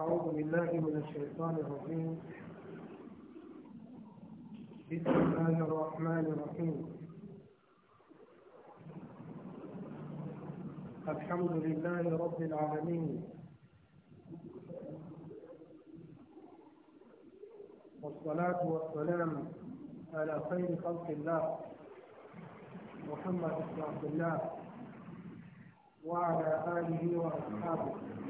أعوذ بالله من الشيطان الرجيم بسم الله الرحمن الرحيم الحمد لله رب العالمين والصلاة والسلام على خير خلق الله محمد بن عبد الله وعلى آله وأصحابه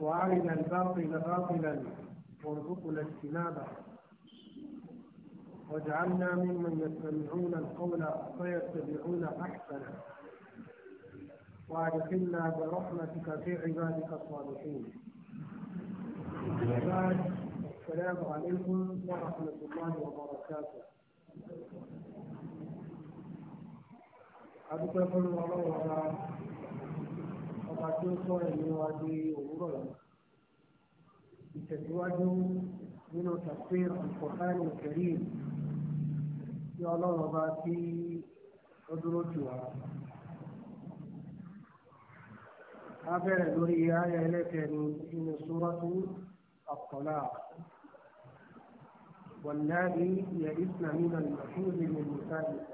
وارنا الباطل باطلا وارزقنا اجتنابه واجعلنا ممن يستمعون القول فيتبعون احسنه وادخلنا برحمتك في عبادك الصالحين السلام عليكم ورحمه الله وبركاته أدخل الله ọba tí ó sọ ẹ̀mí wa di òwúrọ̀ yìí ìtẹ̀síwájú nínú tafsir al-Qur'an al-Karim tí ọlọ́run ọba tí ó dúró jù wá. a lórí ayé ẹlẹ́kẹ̀rin nínú súrọ́tù at-Talaq. يئسن من المحيض من نسائكم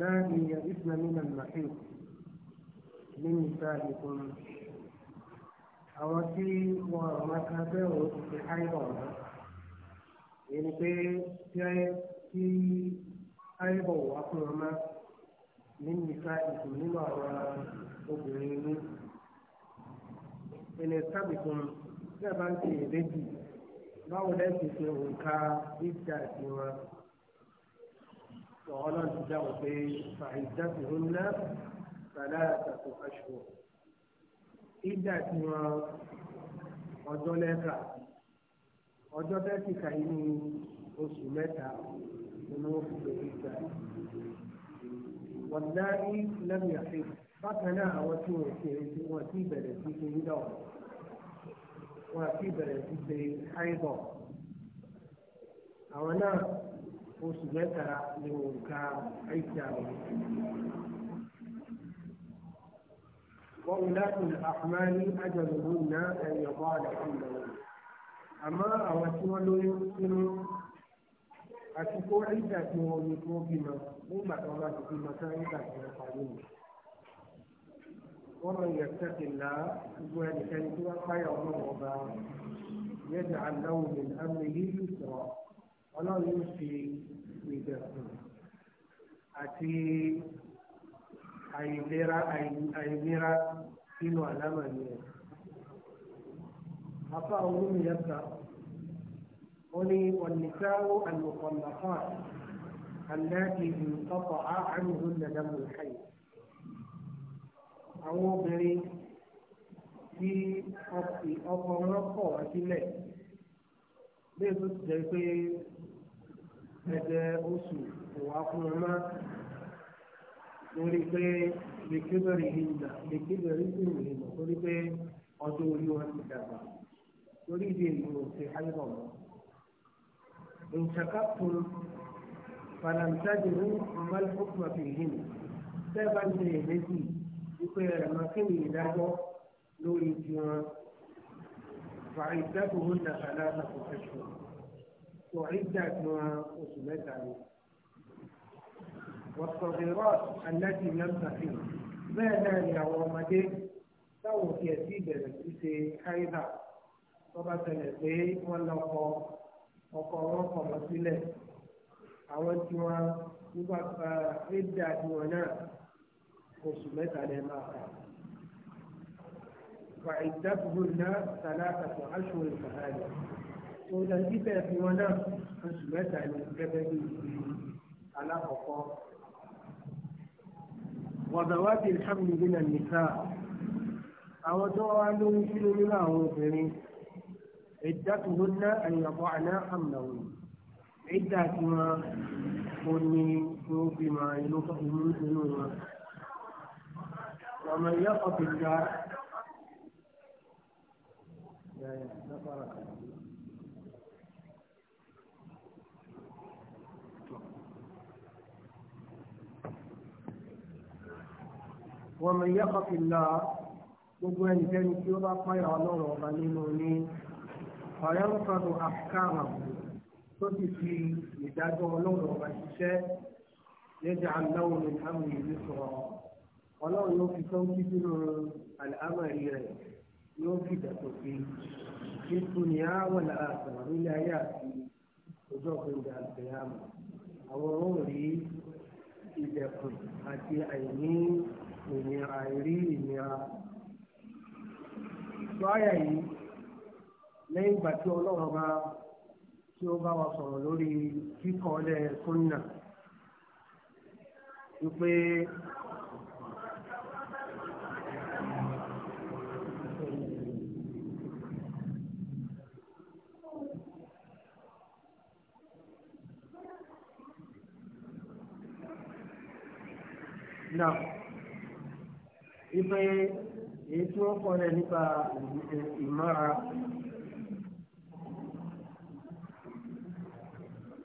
اللاتي يئسن من المحيط من نسائكم àwọn tí wọn àwọn akẹgbẹ́ òun ti fi háìbọ̀ ọ̀nà ẹni pé tí háìbọ̀ wà fún ọmọ nínú ìka ìsìn nínú àwọn obìnrin ní ẹni sábìkún tí a bá ń ṣe ìrètí báwo lẹ́sìn ṣe òǹkà ìjà ìsìn wọn sọ̀rọ̀ náà ti dáhùn pé fàìdásí ló ná sàdáàtà tó aṣọ. ìdá tí wọn ọjọ́ lẹ́ka ọjọ́ tẹ́síkà inú oṣù mẹ́ta inú oṣù tó ń gbà. wọ́n dá ní lẹ́mìí àfihàn bákan náà àwọn tí wọn ti ṣe wọn ti bẹ̀rẹ̀ sí ṣe ń dáwọ̀ wọn ti bẹ̀rẹ̀ sí ṣe háìbọ̀ àwọn náà oṣù mẹ́ta ni òǹkà àìsà rẹ̀. وأولاة الأحمال أجلهن أن يضعن حملهن àmọ́ àwọn tí wọ́n lóyún sínú àti kó ìgbà tí wọ́n ní kó bímọ nígbà tí wọ́n bá ti bímọ tán nígbà tí wọ́n parí mi. wọ́n lọ yẹ sẹ́kìlá gbogbo ẹnikẹ́ni tí wọ́n páyà ọlọ́run ọba yẹ́dà aláwọ̀ mi lámì yíyí sọ̀rọ̀ ọlọ́run ń fi ìdẹ̀kùn àti àìlera àìlera nínú àlámà ni ẹ̀. afa olómi yàtọ̀ ó ní ọ̀nìkáwó àlùkọ̀lọ́fà aláàtì ìtọ́pọ̀ àánúhùn nàdàmù ìhàyè. àwọn obìnrin tí ọkọ̀ wọn kọ̀ wá sílẹ̀ bí èso ti jẹ́ pé ẹ̀jẹ̀ oṣù kò wá fún wọn mọ́ lórí pé lèkébẹ̀rẹ̀ ìhìnà lèkébẹ̀rẹ̀ ìhìnà lórí pé ọdún orí wọn ti dàgbà lórí ìdí èyí ò ṣe ayọ̀ mọ́. ìṣàkàtún fàlàǹtàjìrì mọ́lẹ́kùnkùn àfihàn sẹ́ẹ̀bà ń ṣe èlédì wípé ẹ̀rọ kéwì ìdájọ́ lórí tiwọn fàìdádùn ó dàgbà láti àkókò tó ìjà ìgbọ̀n oṣù mẹ́ta ni. wọ́sọ̀bẹ̀rọ̀ aláàjì náà tàbí bẹ́ẹ̀ náà ni àwọn ọmọdé táwọn òkè ẹ̀sìn ìbẹ̀rẹ̀ sí ṣe káyíbà tó bá tẹlẹ̀ pé wọ́n lọ kọ ọkọ̀ wọn kọ̀ lọ sílẹ̀ àwọn tí wọ́n nígbà ìjà ìgbọ̀n náà oṣù mẹ́ta lẹ́ máa kà. وعدتهن ثلاثة أشهر فهذا òun ẹni bẹ́ẹ̀ fi wọn náà oṣù mẹ́ta ni gẹ́gẹ́ bí alákọ̀ọ́kọ́. wàdàwádì ìṣàmùlù bí nà nìkà àwọn tó wá lóyún sínú nínú àwọn obìnrin ìdákùnrin náà àyàbọ̀ àná àmàwò ìdá tí wọn kò ní kí ó fi máa inú inú wọn. ومن يقف الله لا يتفرق ومن يخف الله gbogbo ẹnikẹ́ni tí ó bá pààyà ọlọ́run ọba nínú ní ọ̀yọ́nfọ̀dù àkàrà tó ti fi ìdájọ́ ọlọ́run ọba ṣiṣẹ́ lẹ́jà aláwọ̀ ní àmì ìlú sọ̀rọ̀ ọlọ́run yóò fi sọ́ńkì sínú àlámàrí rẹ̀ yóò fi dàtọ̀ sí títún ní àwọn àṣà nílé ayé àti ojú ọ̀gbìngbà àgbẹ̀yàmù àwọn òórì ìdẹ̀kùn àti àìní ìnira ìrí ìnira. Sọ́yà yìí lẹ́yìn ìgbà tí ọlọ́run bá tí ó bá wa sọ̀rọ̀ lórí kíkọ́lẹ̀ súnà wípé náà. ipe etu tí wọ́n kọ́ rẹ̀ nípa ìmọ̀ra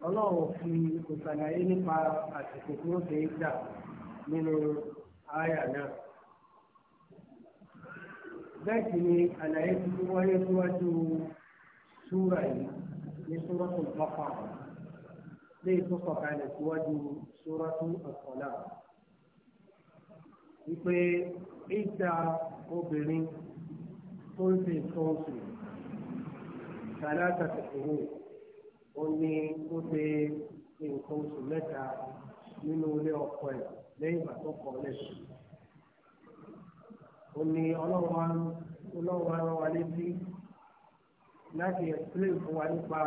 ọlọ́run fi ìsàlàyé nípa àsìkò tí ṣe é nínú àyà náà. bẹ́ẹ̀ sì ni àlàyé wáyé síwájú yìí ní tó sọ̀kalẹ̀ ìdá obìnrin tó ń ṣe nǹkan oṣù tàlátà tòkòrò ó ní ó ṣe nǹkan oṣù mẹ́ta nínú ilé ọkọ ẹ̀ lẹ́yìn ìgbà tó kọ́ lẹ́sùn. ó ní ọlọ́run ara wa létí láti explain fún wa nípa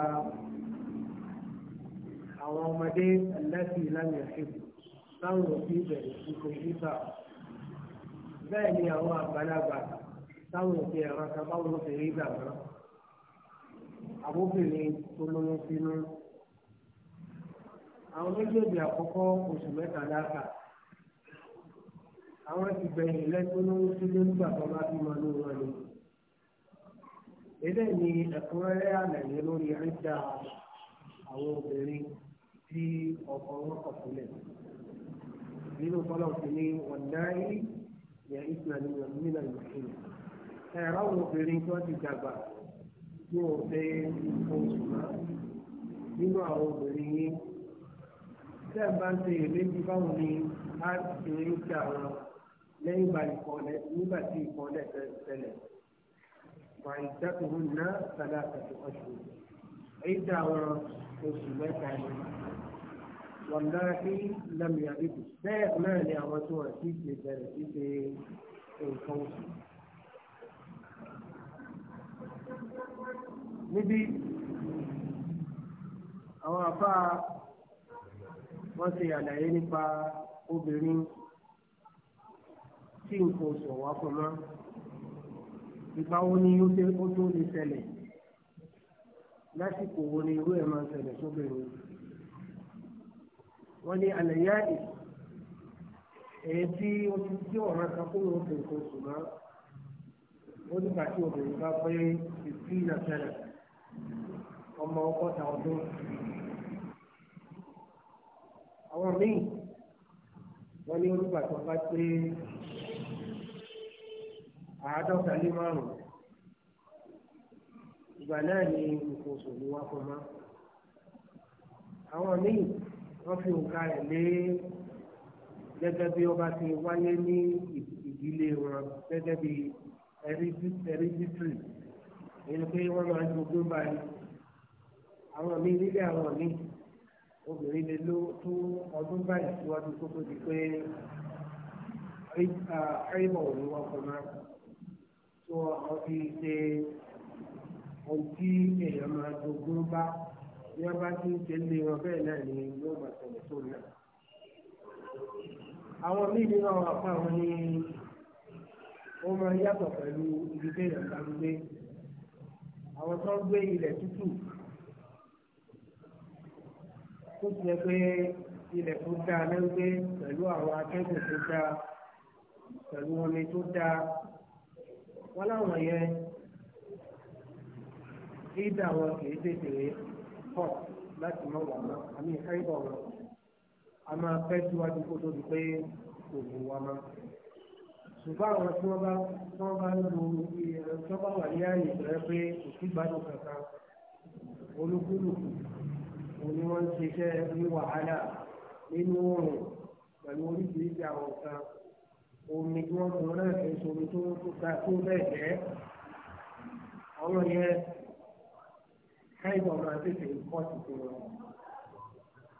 àwọn ọmọdé ẹlẹ́sìn ìlànà ìṣègùn táwọn òbí bẹ̀rẹ̀ sí kò bẹ́ẹ̀ ni àwọn àgbàlagbà táwọn òkè ẹ̀rọ sábàwọn òṣèré ìgbàgbọ́ àbóbìnrin tó lóyún sínú. àwọn méjèèjì àkọ́kọ́ oṣù mẹ́ta láàkà àwọn ti gbẹ̀yìn lẹ́tọ́ lóyún sílé nígbà tó bá bímọ ní wọn ni. eléyìí ni ẹ̀kúnrẹ́rẹ́ àlàyé lórí ẹ̀dá àwọn obìnrin tí ọkọ̀ wọn kọ̀ sílẹ̀ nínú fọlọ́ọ̀sì ni wọ̀ndáyé yẹ ìsìnàlẹ̀ yọ nílẹ̀ ìmọ̀kìlẹ̀. ẹ̀rọ àwọn obìnrin tí wọ́n ti dàgbà tí wọ́n fẹ́ oṣù náà nínú àwọn obìnrin yìí tẹ́ ẹ bá ń ṣe ìrètí báwọn ni á ṣe é ṣe àwọn lẹ́yìn ìgbà ìkọlẹ̀ nígbà tí ìkọlẹ̀ tẹ̀lẹ̀ wà ìdákùnrin náà sálà àtàkùn ọ̀ṣun. èyí tẹ àwọn oṣù mẹ́ta ni wàláhí lámìyà dìbò bẹ́ẹ̀ náà ni àwọn tí wọ́n ti ṣe bẹ̀rẹ̀ sí ṣe nǹkan oṣù. níbi àwọn àfa wọ́n ṣe àlàyé nípa obìnrin tí nǹkan oṣù wà fún mọ́ ìgbà wo ni ó tó lè ṣẹlẹ̀ lásìkò wo ni irú ẹ̀ máa ń ṣẹlẹ̀ sóbìnrin wọ́n ní àlàyé èyí tí ó ti tí ọ̀rọ̀ kan kó lóun fi nǹkan sùn mọ́ ó nígbà tí obìnrin bá pé fifteen na tẹ́lẹ̀ ọmọ ọgọ́ta ọdún. àwọn míì wọ́n ní onígbà tí bá pé àádọ́ta lé márùn-ún ìgbà náà ni nǹkan sùn ni wọ́n fún mọ́. àwọn míì wọ́n fi òǹkà rẹ̀ lé gẹ́gẹ́ bí ọba ti wáyé ní ìdílé wọn gẹ́gẹ́ bí ẹ̀rídítìrì èyí pé wọ́n máa ń jogún báyìí àwọn míì nílé àwọn míì obìnrin lè ló tó ọdún báyìí síwájú tó tó di pé ẹ̀rìmọ̀ òní wọn kọ máa tó ọ ṣe ohun tí èèyàn máa jogún bá bí wọ́n bá ti ń ṣe lé wọn bẹ́ẹ̀ náà ni yóò máa tẹ̀lé tó náà. àwọn míì nínú àwọn àpá wọn ni ó máa yàtọ̀ pẹ̀lú ibi téèyàn bá ń gbé àwọn tó ń gbé ilẹ̀ tútù tó ti yẹ pé ilẹ̀ tó dáa ló ń gbé pẹ̀lú àwọn akẹ́kọ̀ọ́ tó dáa pẹ̀lú omi tó dáa wọ́n láwọn yẹn ìdá wọn kì í tètè rèé kọ̀ láti mọ̀ wà mọ́ àmì ẹ̀rọ wọn a máa fẹ́ síwájú kó tó di pé kò ní wà mọ́. ṣùgbọ́n àwọn tí wọ́n bá tí wọ́n bá ń lo tí wọ́n bá wà ní àyè rẹ pé kò sí gbádùn kankan olúkúlùkù òun ni wọ́n ń ṣiṣẹ́ ní wàhálà nínú oòrùn pẹ̀lú oríṣiríṣi àwọn nǹkan omi tí wọ́n mú náà kì í tó dáa tó bẹ́ẹ̀ jẹ́ àwọn yẹn káyọ̀ máa tètè kọ́ ti tó wọn.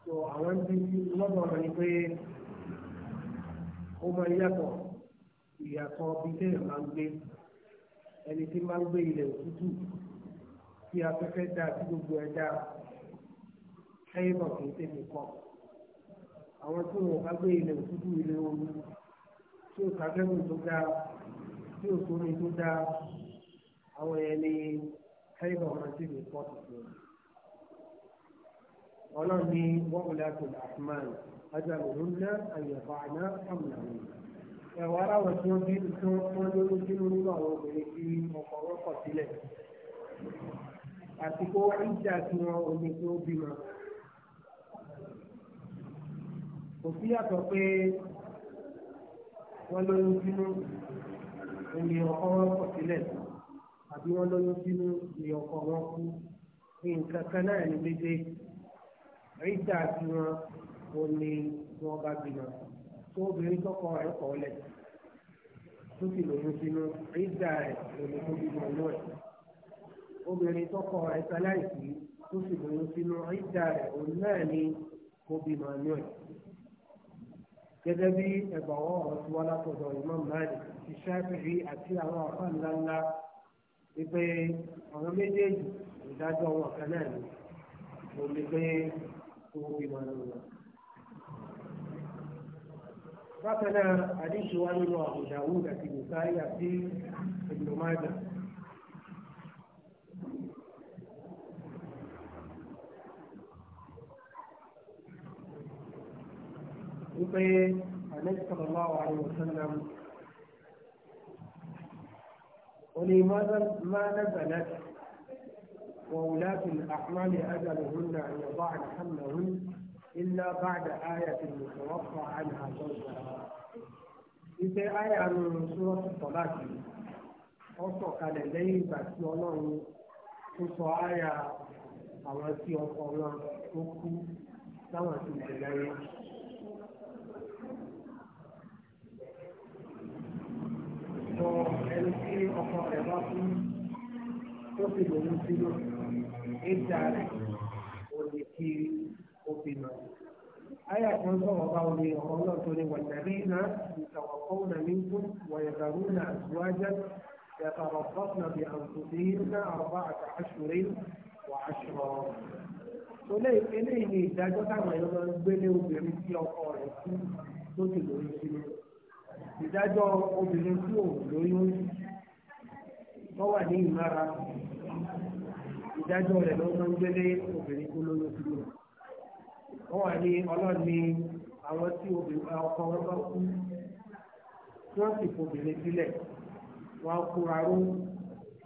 so àwọn tí lọ́dọ̀ rẹ̀ ni pé ó máa yàtọ̀ ìyàtọ̀ bí téèyàn máa ń gbé ẹni tí máa ń gbé ilẹ̀ òtútù tí afẹ́fẹ́ dá tí gbogbo ẹ̀ dá káyọ̀ kì í tètè kọ́. àwọn tí wọn bá gbé ilẹ̀ òtútù ilẹ̀ omi tí ò sàgẹ́gùn tó dáa tí ò sómi tó dáa àwọn yẹn ni kẹ́yìn náà rántí ní pọ́ọ̀tù tó ń ọlọ́run ní wọ́n kò láti àfihàn ajaluhun náà àyẹ̀fọ́ àná àmàlà ẹ̀wọ̀n aráwọ̀ tí wọ́n bí tí wọ́n lóyún sínú nínú àwọn obìnrin tí ọkọ̀ wọn kọ̀ sílẹ̀ àsìkò ìjà tí wọn omi tó bímọ. kò sí yàtọ̀ pé wọ́n lóyún sínú omi ọkọ̀ wọn kọ̀ sílẹ̀ àbí wọ́n lóyún sínú ni ọkọ wọn kú nǹkan kan náà ní méjèèjì ríta àti wọn ò ní wọn bá bímọ tó obìnrin tọkọ rẹ kọ lẹ tó sì lóyún sínú ríta rẹ lòlù tó bímọ inú ẹ obìnrin tọkọ rẹ sáláìsì tó sì lóyún sínú ríta rẹ òun náà ní kó bímọ inú ẹ gẹ́gẹ́ bí ẹ̀gbọ́n ọ̀rọ̀ tí wọ́n látọ̀dọ̀ ìmọ̀ mẹ́rin ti ṣáàfì àti àwọn ọ̀fà ńláńlá wípé àwọn méjèèjì ìdájọ́ wọn kan náà ni mo lè pé owó bímọ ní wọn. bákan náà àdéhùn wa nínú àbùdá wù àti bùkárí àti ìgbìmọ̀májà. wípé àlejò sọ̀rọ̀ bá wà ọ̀sán náà. ولماذا ما نزلت وولاة الأحمال أجلهن أن يضعن حملهن إلا بعد آية يتوفى عنها زوجها. Ife aya nu Súrọ́tù Tọ́láàkì, ó sọ̀kalẹ̀ lẹ́yìn ìgbà tí Ọlọ́run tó sọ aya àwọn tí ọkọ wọn tó kú láwọn ti bẹ̀rẹ̀ yẹn. lọ ẹni tí ọkọ rẹ̀ bá fún tó fi lòun sílò ìjà rẹ̀ ò lè kí obìnrin náà. آية تنظر بعض قولة والذين يتوفون منكم ويذرون أزواجا يتربصن بأنفسهن أربعة أشهر وعشرا Olé eléyìí ni ìdájọ́ táwọn èèyàn máa ń gbélé obìnrin tí ọkọ rẹ̀ kú tó ti lóyún ìdájọ́ obìnrin tí ò lóyún tó wà ní ìmára ìdájọ́ rẹ̀ ló máa ń gbélé obìnrin tó lóyún sí lò wọ́n wà ní ọlọ́ọ̀ni àwọn tí ọkọ wọn bá kú tí wọ́n sì fòbìnrin sílẹ̀ wọ́n á kóra ró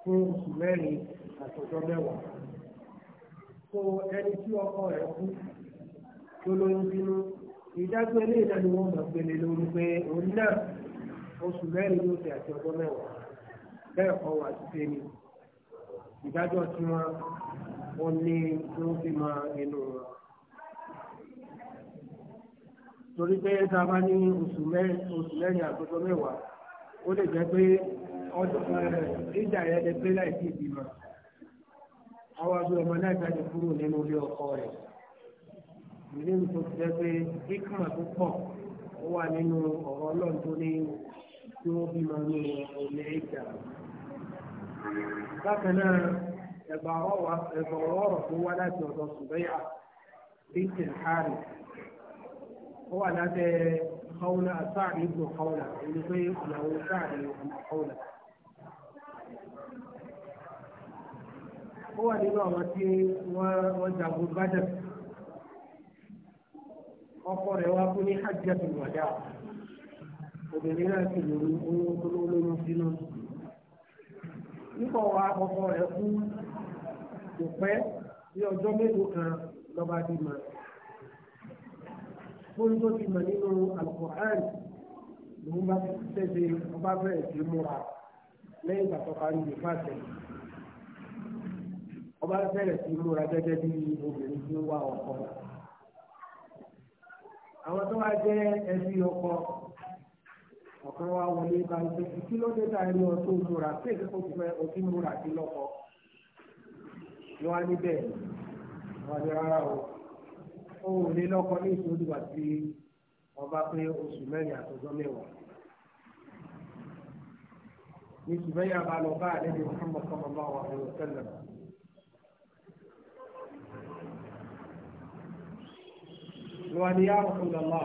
fún oṣù mẹ́rin àtọ̀jọ́ mẹ́wàá tó ẹni tí ọkọ rẹ̀ kú tó lóyún sínú ìdájọ́ ilé ìdájọ́ wọn mọ̀ gbélé lórí pé òun náà oṣù mẹ́rin ló ti àti ọjọ́ mẹ́wàá bẹ́ẹ̀ kọ́ wà sí pé ni ìdájọ́ tí wọ́n wọ́n ní tí wọ́n fi máa ẹnu wọn. torí pé tá a ní oṣù mẹ́rin àtọ́jọ́ mẹ́wàá ó lè jẹ́ pé ìjà yẹn lè pé láì sí ìbímọ. àwọn àgbẹ̀ ọmọ náà jáde kúrò nínú ilé ọkọ rẹ̀ ilé ìlú tó ti pé hikma tó pọ̀ ó wà nínú ọ̀rọ̀ ọlọ́run tó ní tí wọ́n bímọ nínú ilé ìjà. bákan náà ẹ̀bà ọ̀rọ̀ tó wá láti ọ̀dọ̀ ṣùgbẹ́yà bíi tẹ̀hárì ó wà lábẹ́ kọ́wùnà sáàdì ibùdó kọ́wùnà èyí pé ìyàwó sáàdì ibùdó kọ́wùnà. ó wà nínú àwọn tí wọ́n jagun bájẹ̀ ọkọ rẹ̀ wá fún ní hajjatul wada obìnrin náà sì lóyún olóyún sínú nípa wa ọkọ rẹ̀ kú kò pẹ́ bí ọjọ́ mélòó kan lọ́ba bí mọ́ fún tó ti mọ̀ nínú alukur'an lòun bá tẹ̀sẹ̀ ọba bẹ̀rẹ̀ sí múra lẹ́yìn ìgbà tó parí ìlú fàṣẹ ọba bẹ̀rẹ̀ sí múra gẹ́gẹ́ bí obìnrin tí wá ọkọ rẹ̀ àwọn tó wá jẹ́ ẹbí ọkọ ọ̀kan wa wọlé bá ń pè kí ló dé táyé lọ tó múra sí èdè kò fẹ́ òkú múra sí lọ́kọ ni wọ́n á níbẹ̀ wọ́n á ní rárá o ó ò lé ní ìṣòdì wà ọba pé oṣù mẹ́rin àtọ́jọ́ mẹ́wàá ní ṣùgbọ́n yàrá lọ bá àlejò Muhammad sallallahu alaihi wa sallam. ló wà ní yàrá fún lọ́lá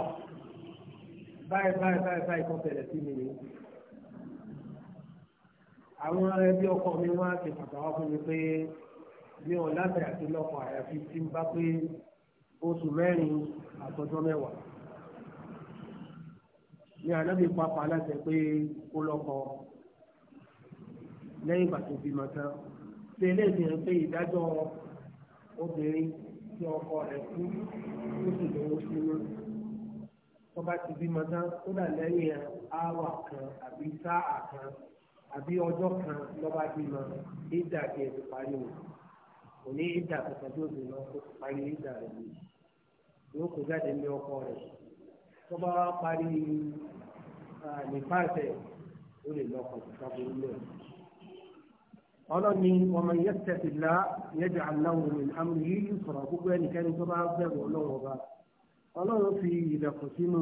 báyìí báyìí báyìí báyìí kan tẹ̀lẹ̀ sí mi ni àwọn ẹbí ọkọ mi wá ti pàtàkì fún mi pé mi ò láti àti lọ́kọ̀ àyàfi tí ń bá pé oṣù mẹ́rin àtọ́jọ́ mẹ́wàá ní anábì pápá aláṣẹ pé kó lọ́kọ lẹ́yìn ìgbà tó bímọ tán ṣe eléyìí fi hàn pé ìdájọ́ obìnrin tí ọkọ rẹ̀ kú ó sì lówó sínú tó bá ti bímọ tán ó dà lẹ́yìn áwà kan àbí sáà kan àbí ọjọ́ kan lọ́ba bímọ ìdá kí ẹ ti parí o kò ní ìdá kankan tó bì lọ kó parí ìdá rẹ̀ ni yóò kó jáde ní ọkọ rẹ̀ tó bá parí nípa ẹsẹ̀ ó lè lọ kọ̀ọ̀kan sábúrú lẹ́yìn ọlọ́ni ọmọ yẹ́tẹ̀tìlá yẹ́dẹ̀ aláwọ̀ mi àmì yìí sọ̀rọ̀ gbogbo ẹnikẹ́ni tó bá bẹ̀rù ọlọ́run ọba ọlọ́run fi ìdẹ̀kùn sínú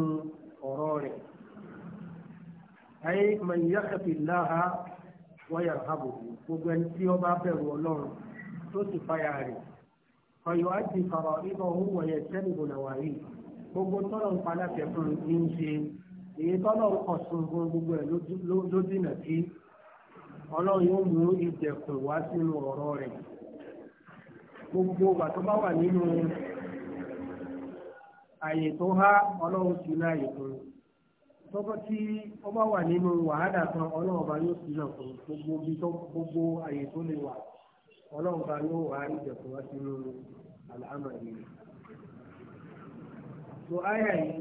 ọ̀rọ̀ rẹ̀ ayé ọmọ yẹ́tẹ̀tìlá ha wọ́yà ààbò gbogbo ẹni tí ọba bẹ̀rù ọlọ́run tó sì fàyà rẹ̀ ọyọ àti ìfọ̀rọ̀ ibọ̀ òun wọ̀nyẹ sẹ́nìbù làwárí gbogbo tọ́lọ̀ ń palẹ̀ fún ní ọlọ́run yóò mú ìdẹ̀kùn wá sínú ọ̀rọ̀ rẹ̀ gbogbo ọgbà tó bá wà nínú àyè tó há ọlọ́run sí ní àyè fún tọ́kọ́ tí ó bá wà nínú wàhálà kan ọlọ́run ọba yóò sí náà fún gbogbo ibi tó gbogbo àyè tó lè wà ọlọ́run ọba yóò wá ìdẹ̀kùn wá sínú àlàámà yìí. so àyà yìí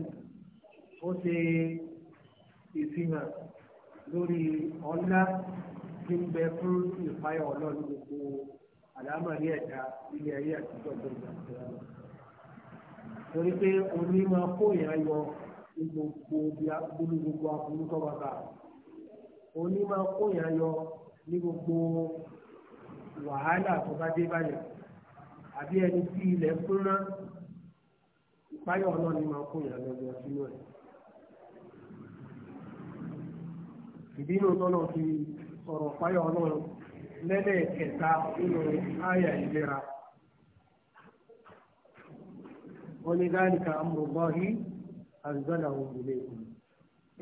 ó ṣe ìfihàn lórí ọ̀la ti ń bẹ fún ìpayà ọlọ́run gbogbo àlámọ̀rí ẹ̀dá ilé ayé àtijọ́ tó ń bẹ. torí pé oní máa kó ìran yọ ní gbogbo bólú gbogbo aburú tó bá bá oní máa kó ìran yọ ní gbogbo wàhálà tó bá dé báyọ̀ àbí ẹni tí ilẹ̀ fúnná ìpayà ọlọ́run máa kó ìran yọ sínú ẹ̀. ìbínú tọ́lọ̀ fi ọ̀rọ̀ fáyọ̀ ọlọ́run lẹ́lẹ́kẹta nínú àyà ìlera. wọ́n ní dáríkà amúrúgbọ́hí àgbẹ̀dà òun lè kù.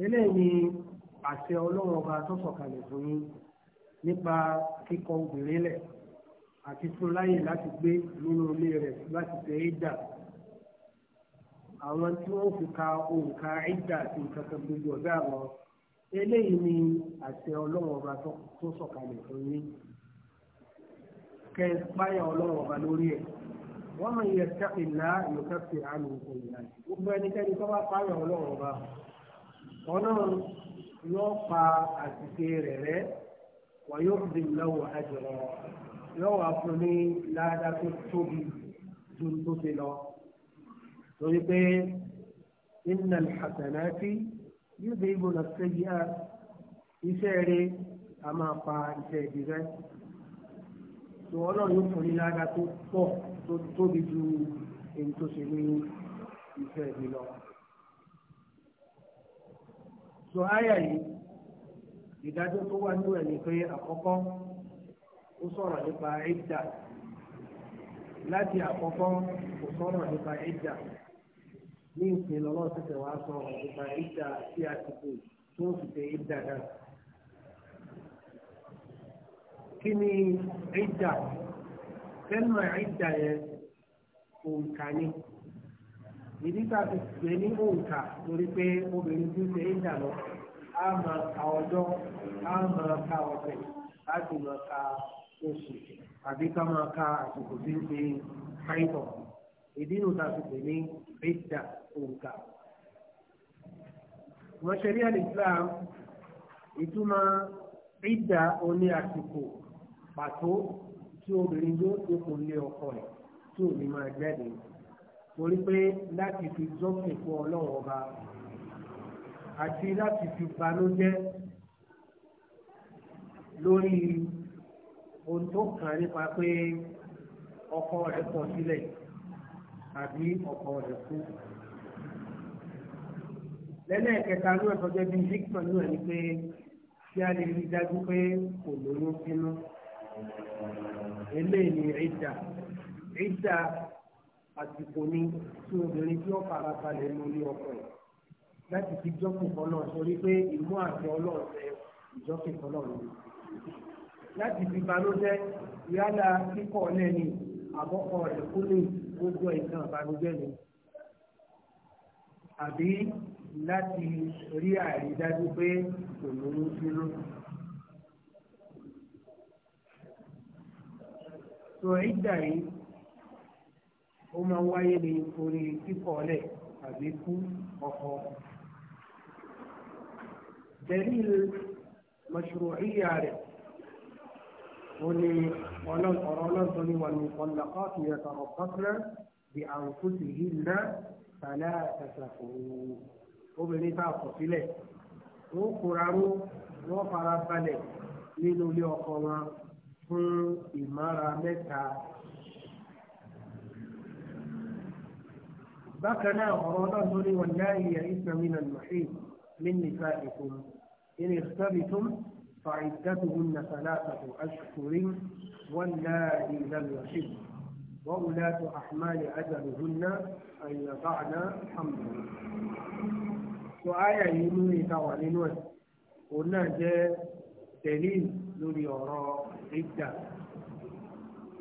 eléyìí àṣẹ ọlọ́run ọba tó sọ̀kalẹ̀ fún yín nípa kíkọ obìnrin lẹ̀ àti fún láyè láti gbé nínú ilé rẹ̀ láti tẹ̀ é dà àwọn tí wọ́n fi ka òǹkà ìdá àti nǹkan gbogbo ọ̀gá àwọn eléyìí ni àṣẹ ọlọ́run ọba tó sọ̀kalẹ̀ fún yín kẹ páyà ọlọ́run ọba lórí ẹ̀ wọ́n mọ̀ iye ṣẹ́kì ńlá yóò fi àmì ìkọ̀ ìlà gbogbo ẹnikẹ́ni tó bá páyà ọlọ́run ọba ọlọ́run yóò pa àṣìṣe rẹ̀ rẹ́ wọ́n yóò fi lọ́wọ́ àjọyọ̀ yóò wá fún ní ládàá tó tóbi ju tó ti lọ torí pé innal hasanati yóò dé ibo lọ sí ẹgbẹ́ iṣẹ́ rẹ a máa pa iṣẹ́ ìdíjẹ́ tó ọlọ́run yóò fún ní ládàá tó pọ̀ tó tóbi ju èyí tó ṣe ní iṣẹ́ ìdí lọ. tó àyà yìí ìdájọ́ tó wà nínú ẹ̀ ni pé àkọ́kọ́ ó sọ̀rọ̀ nípa ẹ̀dà láti àkọ́kọ́ kò sọ̀rọ̀ nípa ẹ̀dà ní ìpín lọ́wọ́ tẹ̀sẹ̀ wá sọ nípa ìdá tí a ti kù tó fi ṣe ìdá náà. kí ni ìdá kẹ́lùmọ̀ ìdá yẹn òǹkà ni ìdí tá a ti pè ní òǹkà torí pé obìnrin tí ń ṣe ìdá lọ á máa ka ọjọ́ á máa ka ọ̀sẹ̀ á sì máa ka oṣù àbí ká máa ka àsìkò tí ń ṣe káìtọ̀ ìdí nù tá a ti pè ní ìdá òǹkà. wọ́n ṣe rí àlìsílám ìtumọ̀ ìdá oní àsìkò pàtó tí obìnrin yóò tó kò lé ọkọ rẹ̀ tí ò ní máa jáde torí pé láti fi jọ́sìn fún ọlọ́run ọba àti láti fi banújẹ́ lórí ohun tó kàn nípa pé ọkọ rẹ̀ kọ̀ sílẹ̀ àbí ọkọ rẹ̀ kú lẹ́lẹ́kẹta ní ọ̀sọ́jọ́ bíi hikman náà ni pé kí a lè rí dájú pé kò lóyún sínú eléyìí ni ìdá ìdá àsìkò ni tí obìnrin tí ó fara balẹ̀ mú ní ọkọ ẹ̀ láti fi jọ́kùn kan náà sórí pé ìmú àti ọlọ́run ẹ ìjọ́kùn kan náà ni láti fi banújẹ́ yálà kíkọ́ lẹ́ni àbọ̀kọ rẹ̀ kú ní gbogbo ìtàn ìbànújẹ́ ni àbí láti rí àrídájú pé kò lóyún sínú. tó ìdá yìí ó máa ń wáyé ní orí kíkọ́lẹ̀ àbí kú ọkọ. دليل مشروعية رẹ̀ òní ọ̀rọ̀ ọlọ́dún ni wọn mọ̀lẹ́kọ́ tó yẹ kọ́ ọ̀pọ̀pọ̀ bí àǹkóṣe yìí ná sàlẹ́ àtàkùn obìnrin tá a kọ̀ sílẹ̀ wọ́n kóra ró wọ́n fara balẹ̀ nínú ilé ọkọ wọn fún ìmára mẹ́ta. bákan náà ọ̀rọ̀ náà tó ní wọ̀nyá ìyá ìsàmìnà nàṣẹ́ mí nìka ìkùn ìní sábìtún فعدتهن ثلاثة أشهر واللائي لم يحب وولاة أحمال أجلهن أن يضعن حملهن tó àyà yìí lórí ìtawà nínú ẹ̀ òun náà jẹ́ tẹ̀lé lórí ọ̀rọ̀ ìdá.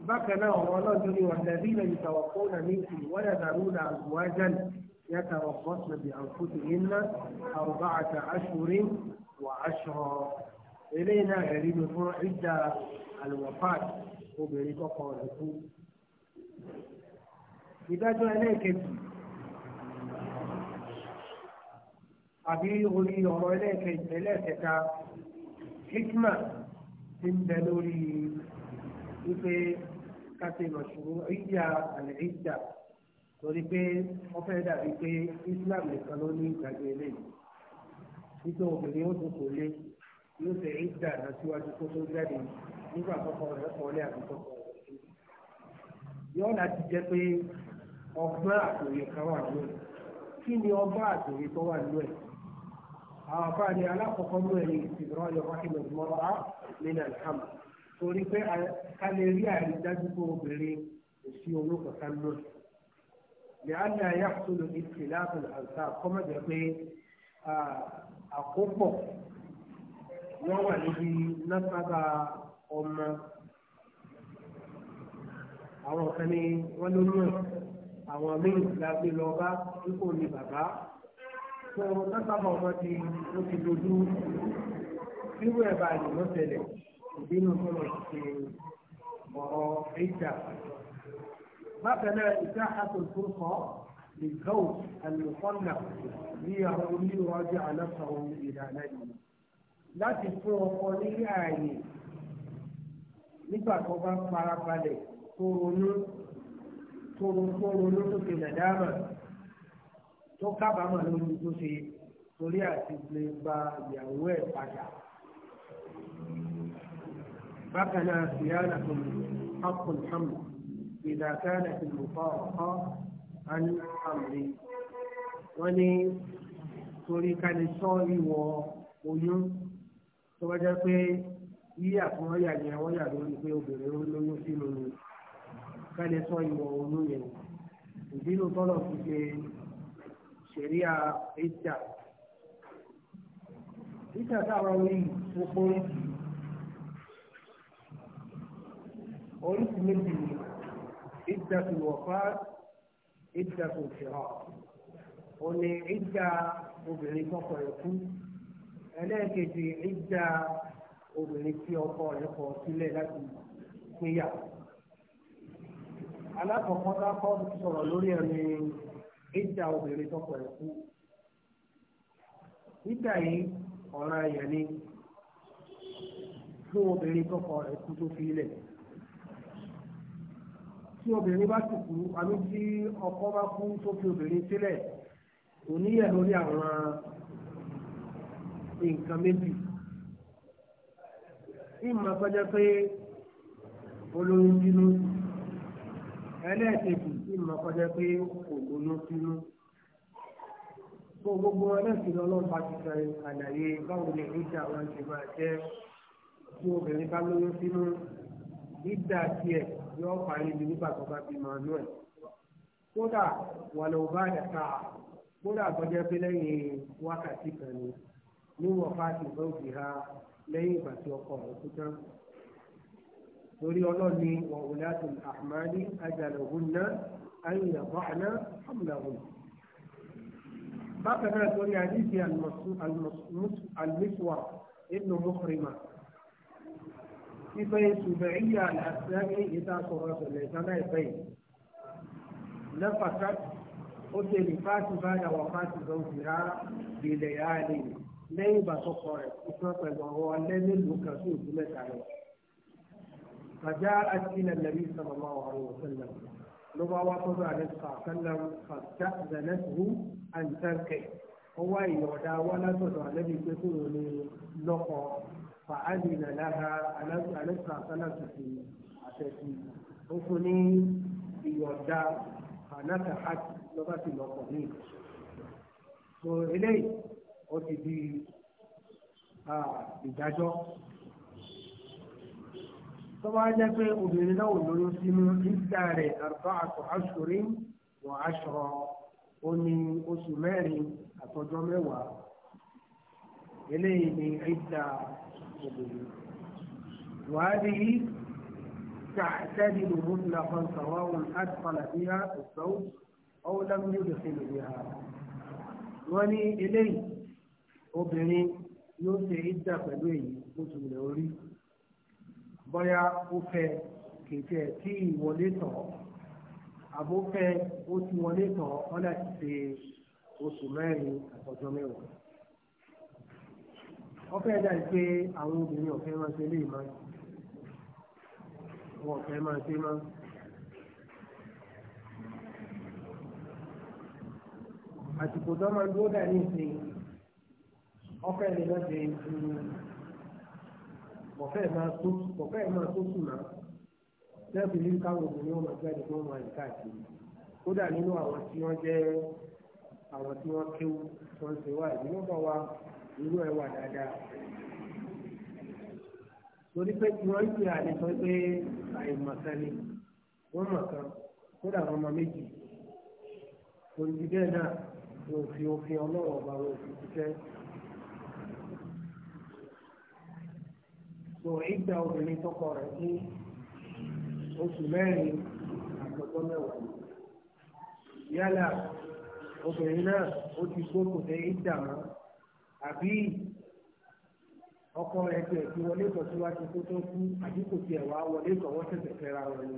bákan náà ọ̀rọ̀ ọlọ́dún ni wọ́n tẹ̀lé ìlẹ̀ ìtawà fún àmì ìsìn wọ́n yà dàrú nà àgùwájàn يتربصن بأنفسهن أربعة أشهر وعشرا إلينا غريب فروع عدة الوفاة وبريد أقوى الحكومة. إذا جاء إليك àbí orí ọ̀rọ̀ ẹlẹ́ẹ̀kẹta hikma ti ń bẹ lórí wípé káṣe mọ̀ṣúrú ìjà àlẹ́ ìjà torí pé wọ́n fẹ́ dàbí pé islam nìkan ló ní ìgbàgbé eléyìí nítorí obìnrin ó dúkò lé yóò fẹ́ ìjà náà síwájú kó tó jáde nígbà tọkọ rẹ̀ kọ́ àbí tọkọ rẹ̀ sí. láti jẹ́ pé ọgbọ́n àtòyè kan wà lónìí kí ni ọgbọ́n àtòyè tó wà lónìí àwọn afáàní alákọ̀ọ́kọ́ mú ẹ̀rí ìsìnkú ọ̀yọ́ wákìlọ̀ mọ́ra nínú àlhàm torí pé ká lè rí àrídájú pé obìnrin kò sí owó kankan náà lẹ́yìn àyà sọ̀rọ̀ ìsìláàfù àǹsà kọ́mọ̀jẹ́ pé àkópọ̀ wọ́n wà níbi násábà ọmọ àwọn kan ní wọ́n ló àwọn míì lágbé lọ́ba dípò ní bàbá tó lọ́sàbà ọmọ ti ló ti dojú irú ẹ̀ báyìí ló tẹ̀lẹ̀ ìbínú tó lọ sí ọ̀rọ̀ ìjà. bákan náà ìjà àtòkù kọ́ للزوج المطلق هي أن يراجع نفسه إلى نجمه láti fún ọkọ nílé ààyè nígbà tó bá farabalẹ̀ tó ronú tó ronú tó ṣe nàdámà tó kábàámọ̀ lórí tó ṣe torí àti lè gba ìyàwó ẹ̀ padà. bákan náà síyára tó lè hakùn hàmù ìdàkálẹ̀ tó lè fọ́ ọ̀kọ́ àní àmì. wọ́n ní torí ká lè sọ ìwọ̀ oyún tó bá jẹ́ pé yíyà tí wọ́n yẹn wọ́n yà lórí pé obìnrin lóyún sínú ni ká sọ ìwọ̀ oyún yẹn. ìdílù tọ́lọ̀ ti ṣe ṣẹ̀ríà ìjà ìjà táwọn wí gbogbo oríṣi méjì ni ìjà tó wọ̀fá ìjà tó fìrọ̀ ó ní ìjà obìnrin kọ́kọ́ rẹ̀ kú ẹlẹ́ẹ̀kejì ìjà obìnrin tí ọkọ rẹ̀ kọ sílẹ̀ láti pínyà alákọ̀ọ́kọ́ tá sọ̀rọ̀ lórí ẹ̀mí ìdá obìnrin tọkọ ẹ̀ kú ìdá yìí ọ̀ràn ayẹ̀ ni fún obìnrin tọkọ ẹ̀ kú tó fi ilẹ̀ tí obìnrin bá sì kú àbí tí ọkọ bá kú tó fi obìnrin sílẹ̀ kò níyẹ̀ lórí àwọn nǹkan méjì ìmọ̀ àpẹjẹ pé olóyún bínú ẹlẹ́ẹ̀kejì tí mo kọjá pé kò gbóná sínú gbogbo ẹlẹ́sìn ọlọ́pàá ti sọ àlàyé báwo ni ìjà wọn ti máa jẹ́ tí obìnrin bá lóyún sínú ìdá tiẹ̀ yóò parí ní nígbà tó bá bímọ inú ẹ̀ kódà wà ló bá dàka kódà kọjá pé lẹ́yìn wákàtí kan ni níwọ̀n fásitì bá ha lẹ́yìn ìgbà tí ọkọ̀ rẹ̀ kú tán torí ọlọ́ni wàhùnátì àmàlí ajalahunna ayinabọ́ọ̀nà hamlahun. bákan náà torí àdìsí almiswa ibnu muhrima sífẹ́ ṣùgbẹ́yà àṣẹ́rí ìta sọ̀rọ̀ sọ̀lẹ̀ sáná ìfẹ́ yìí. نفقت أتي لفاتي بعد وفاة زوجها بليالي ليبة سكرت إطلاقا وهو الذي لك سوء ذلك عليه فجاءت إلى النبي صلى الله عليه وسلم لما وصل عليه الصلاة والسلام فاستأذنته أن تركه هو يودع ولا تدع الذي تكون لقى فأذن لها عليه الصلاة والسلام في أتتي وكني يودع فنكحت لغة لقى so eléyìí ó ti di tó bá jẹ́ pé obìnrin náà ò lóyún sínú ìdá rẹ̀ arba'atu ashhurin wa ashra ó ní oṣù mẹ́rin àtọjọ́ mẹ́wàá eléyìí ni ìdá obìnrin. وهذه تعتدل مطلقا سواء أدخل فيها الزوج أو لم يدخل بها wọ́n ní eléyìí obìnrin yóò ṣe ìdá pẹ̀lú èyí bó ti wùlẹ̀ orí bóyá ó fẹ́ kèké ẹ̀ tí ìwọlé tọ̀ àbó fẹ́ ó ti wọlé tọ̀ ọ́ láti ṣe oṣù mẹ́rin àtọ́jọ́ mẹ́wàá. wọ́n fẹ́ dà pé àwọn obìnrin ọ̀fẹ́ máa ṣe léèmá wọn ọ̀fẹ́ máa ṣe máa. àsìkò tó máa dúró dà ní ìsìn ọ̀fẹ́ lè lọ́ọ́ ṣe ju kọ̀fẹ́ máa tó sùnà lẹ́ẹ̀fì ní káwọn obìnrin wọn máa jáde kí wọ́n máa yìí káàkiri kódà nínú àwọn tí wọ́n jẹ́ àwọn tí wọ́n kéwú tó ń ṣe wá ìdílé bá wa irú ẹ̀ wà dáadáa torí pé tí wọ́n ń ṣe àlejò pé àìmọ̀kan ni wọ́n mọ̀ kan kódà wọn máa méjì òǹdíbẹ́ náà òfin òfin ọlọ́run ọba wọn òfin ti fẹ́. so ìgbà obìnrin tọkọ rẹ̀ ní oṣù mẹ́rin àtọ́jọ́ mẹ́wàá yálà obìnrin náà ó ti gbókùn dé ìgbà wọn àbí ọkọ rẹ̀ tiẹ̀ ti wọlé tọ̀ síwájú tó tó kú àbí kò tiẹ̀ wá wọlé tọ̀ wọ́n tẹ̀sẹ̀ fẹ́ra wọn ni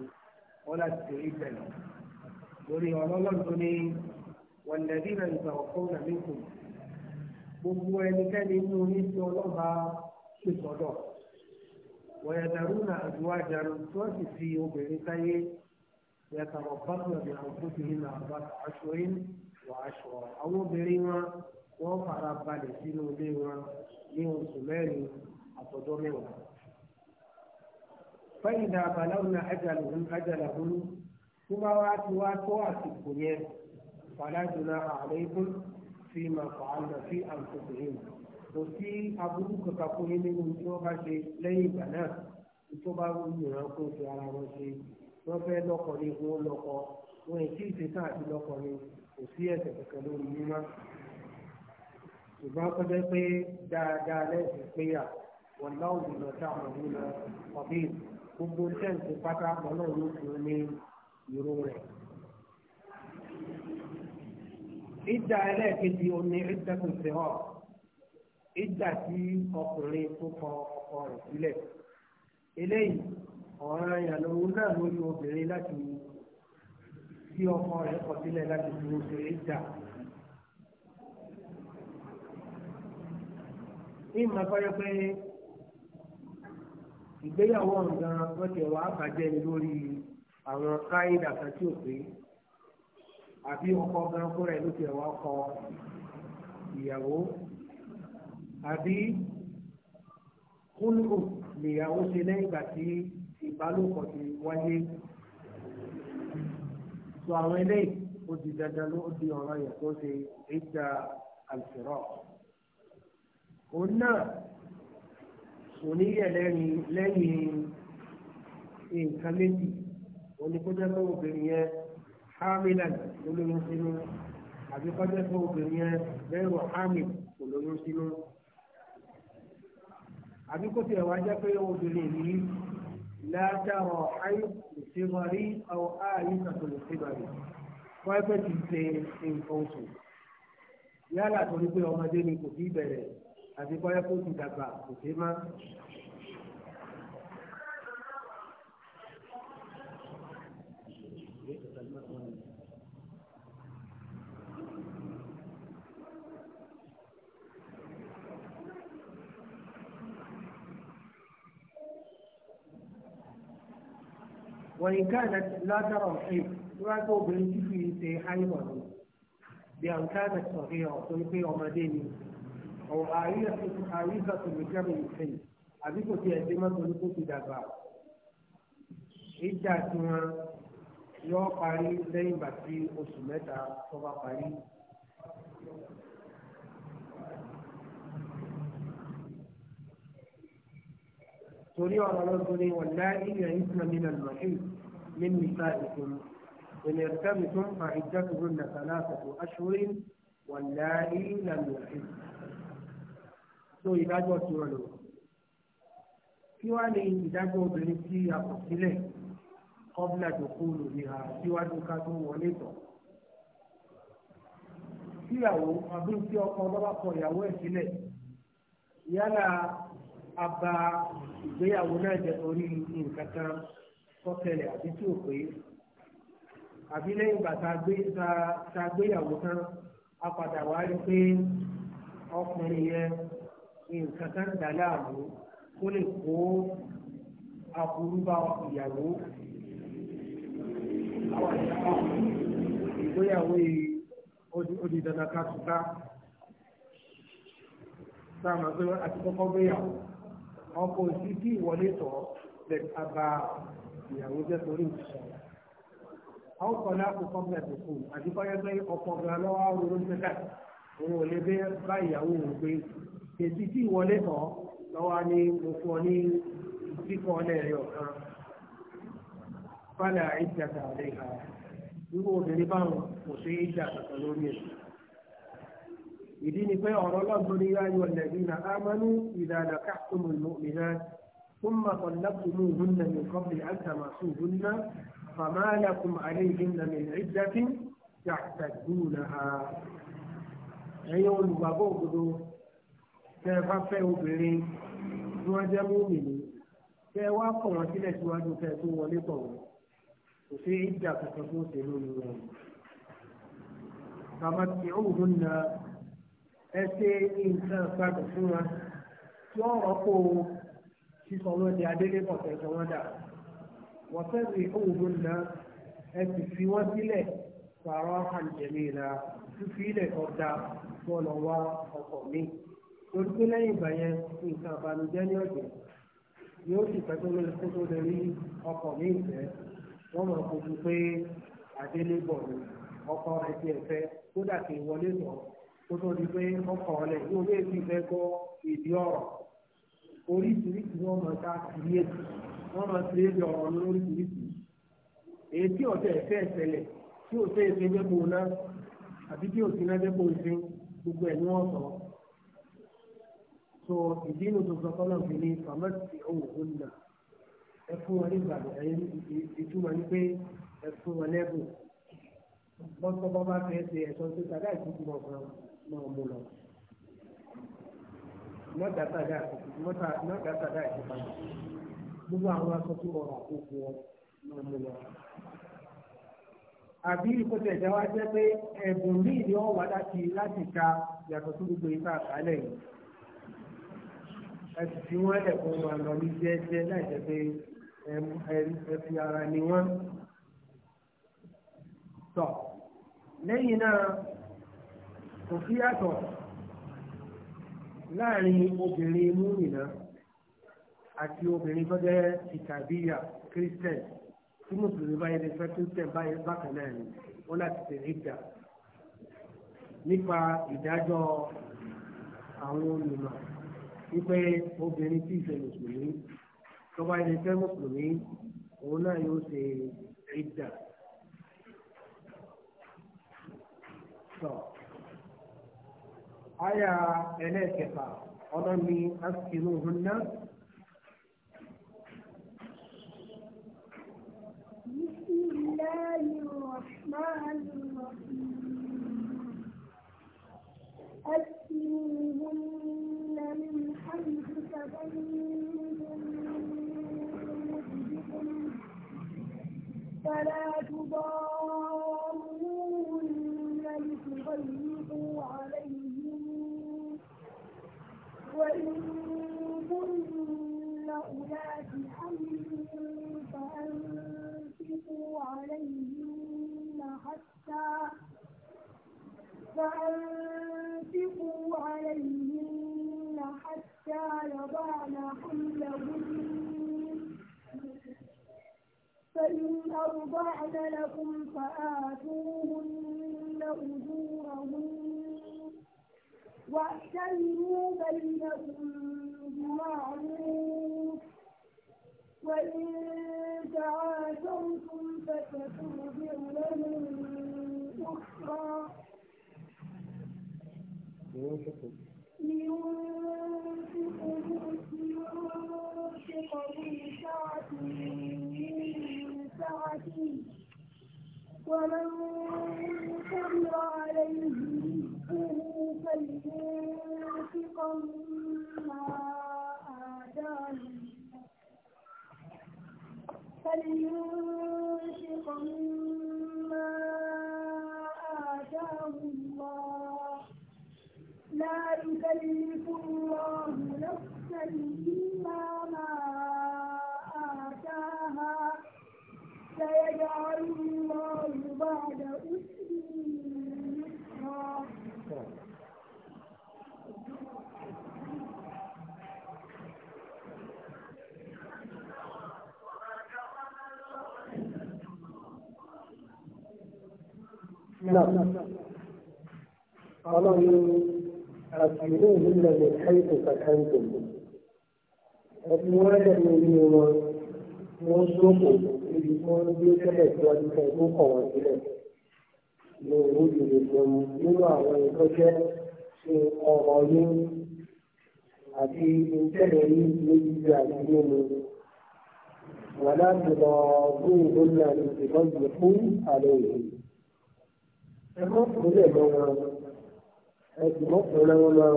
wọ́n láti ṣe ìgbà náà lórí ọlọ́lọ́run tó ní wọ̀lẹ́dí náà ìgbà ọ̀kọ́ náà gbogbo ẹnikẹ́ni inú oníṣẹ́ ọlọ́ba ṣètọ́dọ̀. ويذرون أزواجا توفي وبركاية يتربصن بأنفسهن أربعة أشهر وعشرا أو بريما وفر بالسين بيما من سمان أتدرما فإذا بلغن أجلهم أجلهم ثم واتوا تواسكني فلا جناح عليكم فيما فعلن في أنفسهن kò sí aburú kankan fún yín nínú tí wọ́n bá ṣe lẹ́yìn ìgbà náà tó bá yìnyín kó fi ara wọn ṣe wọ́n fẹ́ lọ́kọ̀ ní ìfowó lọ́kọ̀ wọn èyí tí ìṣe náà ti lọ́kọ̀ ní kò sí ẹ̀sẹ̀ kankan lórí mímá. ṣùgbọ́n kọjá pé dáadáa lẹ́sìn péyà wọn náà wù lọ sí àwọn ìlú lọ ọ̀bí gbogbo tẹ́ǹtì pátá lọ́nà ló fi ní ìró rẹ̀. ìdá ẹlẹ́ẹ̀kejì omi ìdá sí hàn ìgbà tí ọkùnrin tó kọ ọkọ rẹ̀ sílẹ̀ eléyìí ọ̀ràn ìyàlówó náà lórí obìnrin láti tí ọkọ rẹ̀ kọ sílẹ̀ láti dúró ṣe ìjà. ìmọ̀ kọ́jọ́ pé ìgbéyàwó ọ̀gán wọ́n ti wà bàjẹ́ ni lórí àwọn káyìdà kan tí ò pé àbí ọkọ gan fúnra ẹ̀ ló ti wà kọ ìyàwó àbí kúlù nìyàwó ṣe lẹ́yìn ìgbà tí ìbálòpọ̀ ti wáyé sọ àwọn eléyìí ó di dandan ló di ọ̀rọ̀ yẹn tó ṣe ìjà àlùfẹ́rọ̀ òun náà kò ní yẹ lẹ́yìn lẹ́yìn nǹkan méjì òní kó jẹ́ pé obìnrin yẹn hamilan olóyún sínú àbí kó jẹ́ pé obìnrin yẹn bẹ́ẹ̀rù hamil olóyún sínú àbí kó tiẹ̀ wá jẹ́ pé obìnrin yìí látàrọ̀ àyè ìṣèwárí àwọn ààyè kàtòlù ìṣèwárí wọ́n fẹ́ ti ṣe nǹkan oṣù yálà torí pé ọmọdé ni kò tí ì àti kọ́yẹ́ kó ti dàgbà kò sí má وإن كانت لا ترى الحيض راكو بنتي في حيضة بأن كانت صغيرة تلقي ومديني أو عارية عارية بجمع الحيض أبيكو تيجمع تلقي تدابا إجا تما yọ parí lẹ́yìn bàtí oṣù mẹ́ta tó bá parí torí ọ̀rọ̀ lọ́sọ̀rọ̀ wọn láì yẹ ìsìnà nínú àlùmọ́hìn ní nìta ìfún ìnìyà tẹ́lẹ̀ tó ń fa ìjẹ́kùrú nàkàlà àtàkù aṣọ́rí wọn láì yẹ àlùmọ́hìn. so ìdájọ́ ti rọ̀ lọ́wọ́. kí wàá ní ìdájọ́ obìnrin tí a kọ̀ sílẹ̀ kọ́bílà tó kú lò ní ha síwájú ká tó wọlé tọ̀. síyàwó àbí tí ọkọ ọlọ́wà kọ ìyàwó ẹ̀ sílẹ̀ yálà àbá ìgbéyàwó náà jẹ orí nǹkan kan kọ́tẹ̀lẹ̀ àbí tí ò pé àbí ìgbà tá a gbéyàwó tán a padà wá rí pé ọkùnrin yẹn nǹkan kan dà láàmú kó lè kó aburú bá ìyàwó ìgbéyàwó yìí ó di dandan ọkọ òsì tí ìwọlé tọ̀ lè aba ìyàwó jẹ́ torí ìṣẹ̀lẹ̀. àwọn kan náà kó kọ́ńtà ìdòkú àti kọ́yẹ́gbẹ́ ọkọ̀ gan lọ́wọ́ ronú pẹ́kà òun ò lè bẹ́ bá ìyàwó òun pé èsì tí ìwọlé tọ̀ lọ́wọ́ ni mo fún ọ ní kíkọ́ ọlẹ́rìí ọ̀kan fálà ìjàkà àlẹ́ irú obìnrin báwọn kò sí ìjà lórí ẹ̀sìn ìdí ni pé ọ̀rọ̀ lọ́gbọ́n ní yáyọ ọ̀lẹ́bí na ámánú ìdáná káàkùnmù mìíràn fún màkànláàbù mú hunna mi kọ́bìlì àtàmásù hunna fàmáàlàkùn àlẹ́yìn na mi ìdájí yàtàdúnà ha. ẹ̀yin olùgbàgbọ́ òdodo tẹ́ ẹ bá fẹ́ obìnrin tí wọ́n jẹ́ múmìnì tẹ́ wá kọ̀ wọ́n sílẹ̀ síwájú tẹ́ tó wọlé tọ̀ wọ́n kò sí ìjà kankan tó ṣe lórí wọn ẹ ṣe nǹkan padà fún wa tí wọ́n rọ́pò sísọ lóde adélébọ̀ tẹ̀sán wọn dà wọ́n fẹ́ fi òun náà ẹ sì fi wọ́n sílẹ̀ pààrọ̀ àjẹmíìlà fífi ilẹ̀ tó da wọ́n lọ wá ọkọ̀ mi torí pé lẹ́yìn ìgbà yẹn nǹkan àbànújẹ́ ní ọ̀jẹ̀ yóò sì pẹ́ tó lè kó lè rí ọkọ̀ mi ìfẹ́ wọ́n mọ̀ kojú pé adélébọ̀ ni ọkọ̀ rẹ̀ ti ẹ̀fẹ́ kódà kì í wọlé sọ̀rọ̀ kó tó di pé ọkọ̀ ọ̀lẹ̀ tí owó èsì fẹ́ gbọ́ èdè ọ̀rọ̀ oríṣiríṣi wọn máa ta sílé wọn máa sílé di ọ̀rọ̀ lóríṣiríṣi èyí tí ọ̀tẹ̀ ẹ̀fẹ́ ẹ̀sẹ̀lẹ̀ tí ò tẹ́ ẹ̀fẹ́ dẹ́kun ná àbí tí ò sí dẹ́kun ìsìn gbogbo ẹ̀ ní wọ́n sọ. so ìdí inú tó sọ fọlọ́ fi ni pharmacy ohun òun nà ẹ fún wọn nígbà ẹ̀yìn ìtumọ̀ ni pé ẹ fún wọn lẹ́bùn bọ́sọ̀ bọ́ bá fẹ́ ṣe ẹ̀sọ́ tó tàdá ìtúkùmọ̀ fún máa mú lọ. mọ́tà tàdá ìfipamọ́ gbogbo àwọn aṣọ tó rọra kó fún ọ máa mú lọ. àbí ìkọ́tẹ̀ ìjọba jẹ́ pé ẹ̀bùn ní ìdí ọ̀wá láti láti ka yàtọ̀ tó gbogbo ìta àkálẹ̀ yìí. ẹ sì fi wọ́n ẹ̀kọ́ máa lọ ní jẹ́jẹ́ láì jẹ́ pé ẹ ara ni wọ́n. tọ́ lẹ́yìn náà kò sí yàtọ̀ láàrin obìnrin múmìnà àti obìnrin tó jẹ́ ìtàbíyà christian tí mùsùlùmí báyìí lè fẹ́ christian báyìí bákan náà ni wọ́n láti tẹ̀lé ìjà nípa ìdájọ́ àwọn olùmọ̀ wípé obìnrin tí ìṣe mùsùlùmí tó báyìí lè fẹ́ mùsùlùmí òun náà yóò ṣe ìjà àyà ẹlẹ́ẹ̀kẹfà ọlọ́ni askinuhunna. bisimilayi rahman rahim askinuhunna min hamdu فلا تضار وإن كن حمل فأنفقوا عليهن حتى فأنفقوا عليهن حتى يضعن حملهن فإن أرضعن لكم فآتوهن واعتمروا بينكم بمعروف وإن تعاثرتم فسترجع له أخرى لينفق ينفق في سعة من سعته ومن قدر عليه فلينفقن فلينفق مما آتاه الله لا يكلف الله نفسا إلا ما آتاها سيجعل الله بعد أسر يسرا náà ọlọ́run àṣìlú ìlúlẹ̀ ní káyìtì kàkáyìtì ẹbí wọn lẹ́nu ilé wọn wọ́n sóko ibi tí wọ́n gbé tẹ́lẹ̀ tí wọ́n ti fẹ́ tó kọ̀ wọ́n sílẹ̀ ní orí ìdìbò nínú àwọn ìtọ́jẹ́ ṣe ọ̀rọ̀ yín àti ìtẹ́lẹ̀ yín lójú àti nínú wàlá ti lọ gbóhùn lónìí àti ìtọ́jú fún àlejò ẹ má kó lè lọ wọn ẹ sì má kó lọ wọn lọ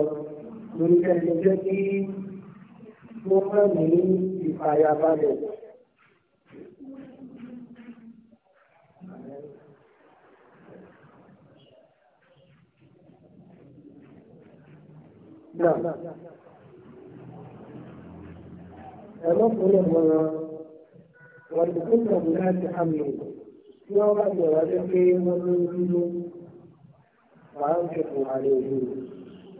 lórí ẹni jẹ́ kí wọ́n má ní ìfàyàbalẹ̀. Náà ẹ má kó lè wọn lọ wọn lè kó lè tí wọ́n bá jẹ̀ wá sí pé wọ́n ló ń dúró máa ń kẹ̀kọ́ àlẹ́ òjò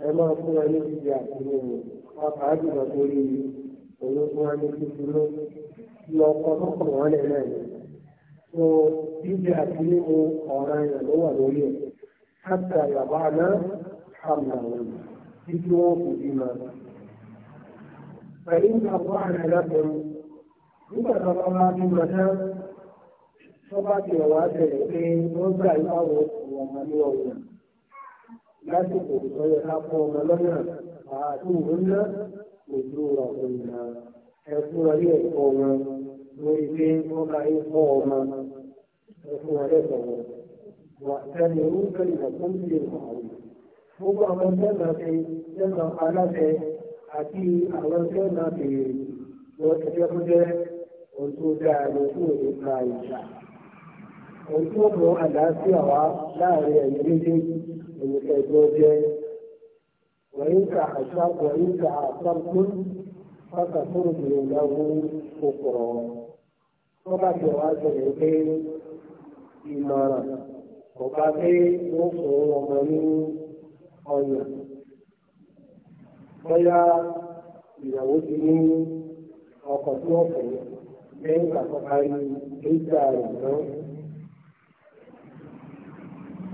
ẹ máa fún wọn ní jíjẹ àti mímu pàápàá jùlọ torí òun fún wọn ní wọn lẹ̀ náà ni. so ọ̀ràn yẹn ló wà lórí ẹ̀ náà hàmà wọn títí wọn kò bí ma. pẹ̀lú ìgbà wọn nígbà tó bá tó bá ti ọ̀wá bẹ̀rẹ̀ pé wọ́n gbà ìbáwọ̀ ọmọ ní ọ̀nà lásìkò tó yẹ ká fún ọmọ lọ́nà àádúgbò ńlá lójú ọ̀hún ìlà ẹ̀fún ọrí ẹ̀kọ́ wọn lórí pé wọ́n bá ń fọ́ ọmọ ẹ̀fún ọlẹ́kọ̀ọ́ wọn. wà sẹ́ni orúkọ ìlà tó ń lè wà ó. gbogbo àwọn sẹ́nà ṣe sẹ́nà aláṣẹ àti àwọn sẹ́nà béèrè lọ́sọ̀tẹ́kọ́jẹ́ ohun tó dáa lójú òde ká ìjà. òun tí ó mú àlàáfíà wá láàrin ẹ̀yìn méjèèjì òun ẹ̀dùn ọjẹ́ wọ̀nyíkà àṣà wọ̀nyíkà àṣàkùn fásitì ọmọ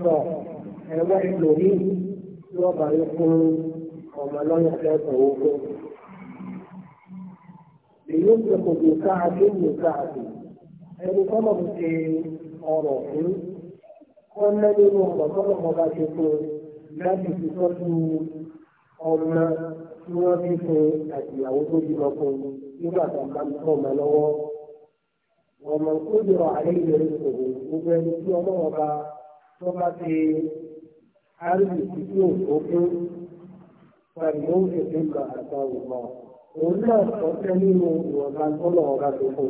pọ̀ ẹ̀wọ́n ìlòmíì tí wọ́n bá yẹ fún ọmọ lọ́yìn fẹ́ẹ̀tàn owó. èyí ń pè kòkò káàdé ní káàdé ẹni tọ́lọ̀ ń ṣe ọ̀rọ̀ fún wọ́n ná nínú ọ̀rọ̀ tọ́lọ̀ mọ́ bá ṣe fún láti fi tọ́jú ọmọ tí wọ́n fi fún àtìyàwó tó di lọ fún nígbà tó bá ń tọ́ ọmọ lọ́wọ́. ọmọ kó lè rọ àlẹ́ rẹ̀ sọ̀rọ̀ gbogbo ẹni tí ọlọ́wọ́ bá tó bá ti àrùn títí òkú pẹ̀lú ìdíkà àtàwọn ọmọ òun náà sọ́tẹ́ nínú ìwọ̀nba tọ́lọ̀ ọ̀gá tó kù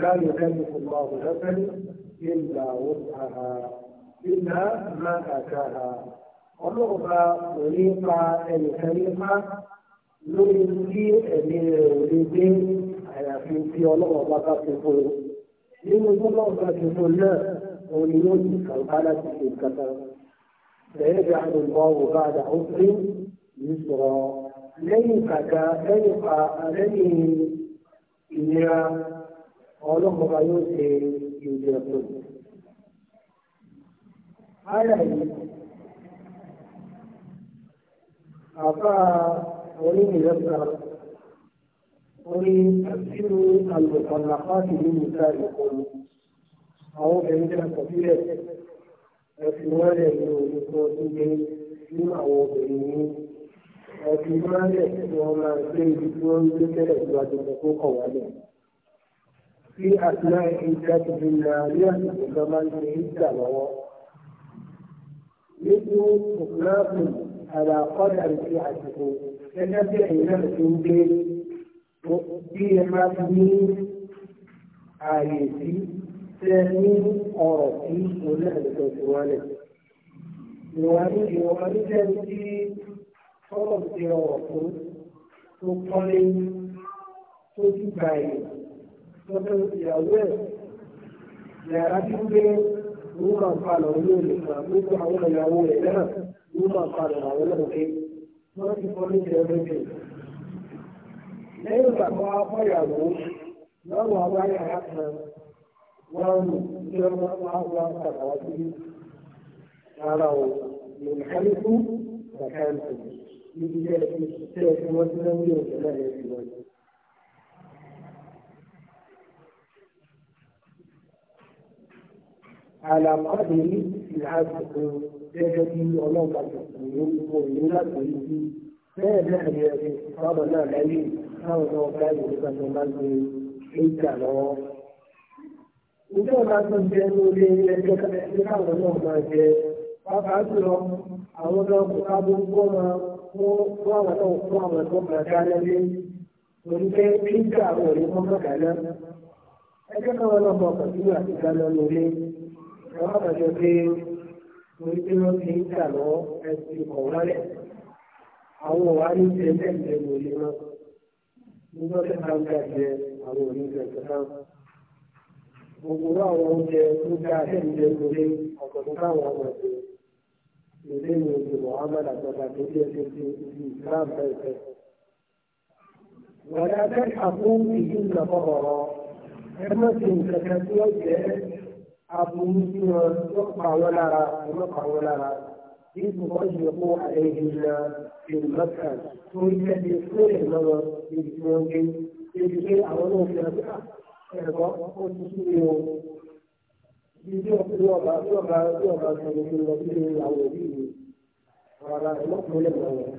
láàrin ẹni kò bá òun lọ́fẹ́ ìlà òun àhà ìlà máa àjà àhà ọlọ́ọ̀gá òní pa ẹnìkan nípa lórí tí ẹ̀mí rẹ̀ ò lè gbé àyàfi tí ọlọ́ọ̀gá bá tó kù nínú tọ́lọ̀ ọ̀gá tó kù náà òun ni yóò sì kàǹkà láti ṣe kàtà lẹ́yìn tí a lè gbọ́ wò bá dà ó pé yìí sọ̀rọ̀ lẹ́yìn kàtà lẹ́yìn pa lẹ́yìn ìnira ọlọ́mọba yóò ṣe ìjọ tó. Ara yìí, àbá onímìlẹ́sà orí àṣírò àlùkọ̀lá fásitì nìta ìkọlù àwọn obìnrin tí a kọ̀ sílẹ̀ ẹ fi wọ́n lẹ̀ ní orúkọ tó gbé nínú àwọn obìnrin yìí ẹ fi wọ́n lẹ̀ kí wọ́n máa gbé ibi tí wọ́n ń gbé tẹ́lẹ̀ tó àjọpọ̀ tó kọ̀ wálẹ̀. في أثناء عدته النارية وزمان في عدة لغة مثل إطلاق على قدر في عدته الذي حينما تنزل فيه ما فيه آيتي tẹ ní ndị tí onílẹ̀-èdè ti wá lẹ̀. ìwọ̀n ìwọ̀n níjẹ́ tí ọlọ́ ti ọ̀rọ̀ fún tó kọ́lé tó ti gbà وثروته صاروا ينحرف مكانهم لذلك السيف والدم والجمال والوجه على قدر العبد جهدي ونظرة وينبه ما نهي صار ما العلم أو ما كان يبنى منه حيث nígbà bá tó ń jẹ lórí ẹgbẹ́ ẹgbẹ́ káwọn náà máa jẹ pàápàá jùlọ àwọn náà kó abúgbó gbogbo àwọn oúnjẹ tó dáa tẹ̀lé lórí ọ̀gbọ̀n táwọn ọmọ ẹ̀sìn lórí ní oṣù Muhammad àtọ́ta tó jẹ́ tó ti di Islam bẹ́ẹ̀ wọ́n dáa tẹ́ àkóhùn ìlú ìlọ́kọ̀ọ̀rọ̀ ẹ má ti nǹkan kan tí wọ́n jẹ́ aburú sí wọn tó pa wọn lára ẹ̀mọ́ pa wọn lára ìlú wọn yẹ kó àlejò náà ti mọ́ta tó ń tẹ́lẹ̀ fún ìlọ́wọ́ ibi tí wọ́n gbé ibi tí àwọn náà fi hàn ah, ẹ̀rọ ó ti sílé o ilé ọ̀gbìn ọba tí ọba tí ọba sọ̀rọ̀ ní lọ sí ìyàwó òbí mi ọ̀rọ̀ ẹ̀lọ́kùnrin lè lọ.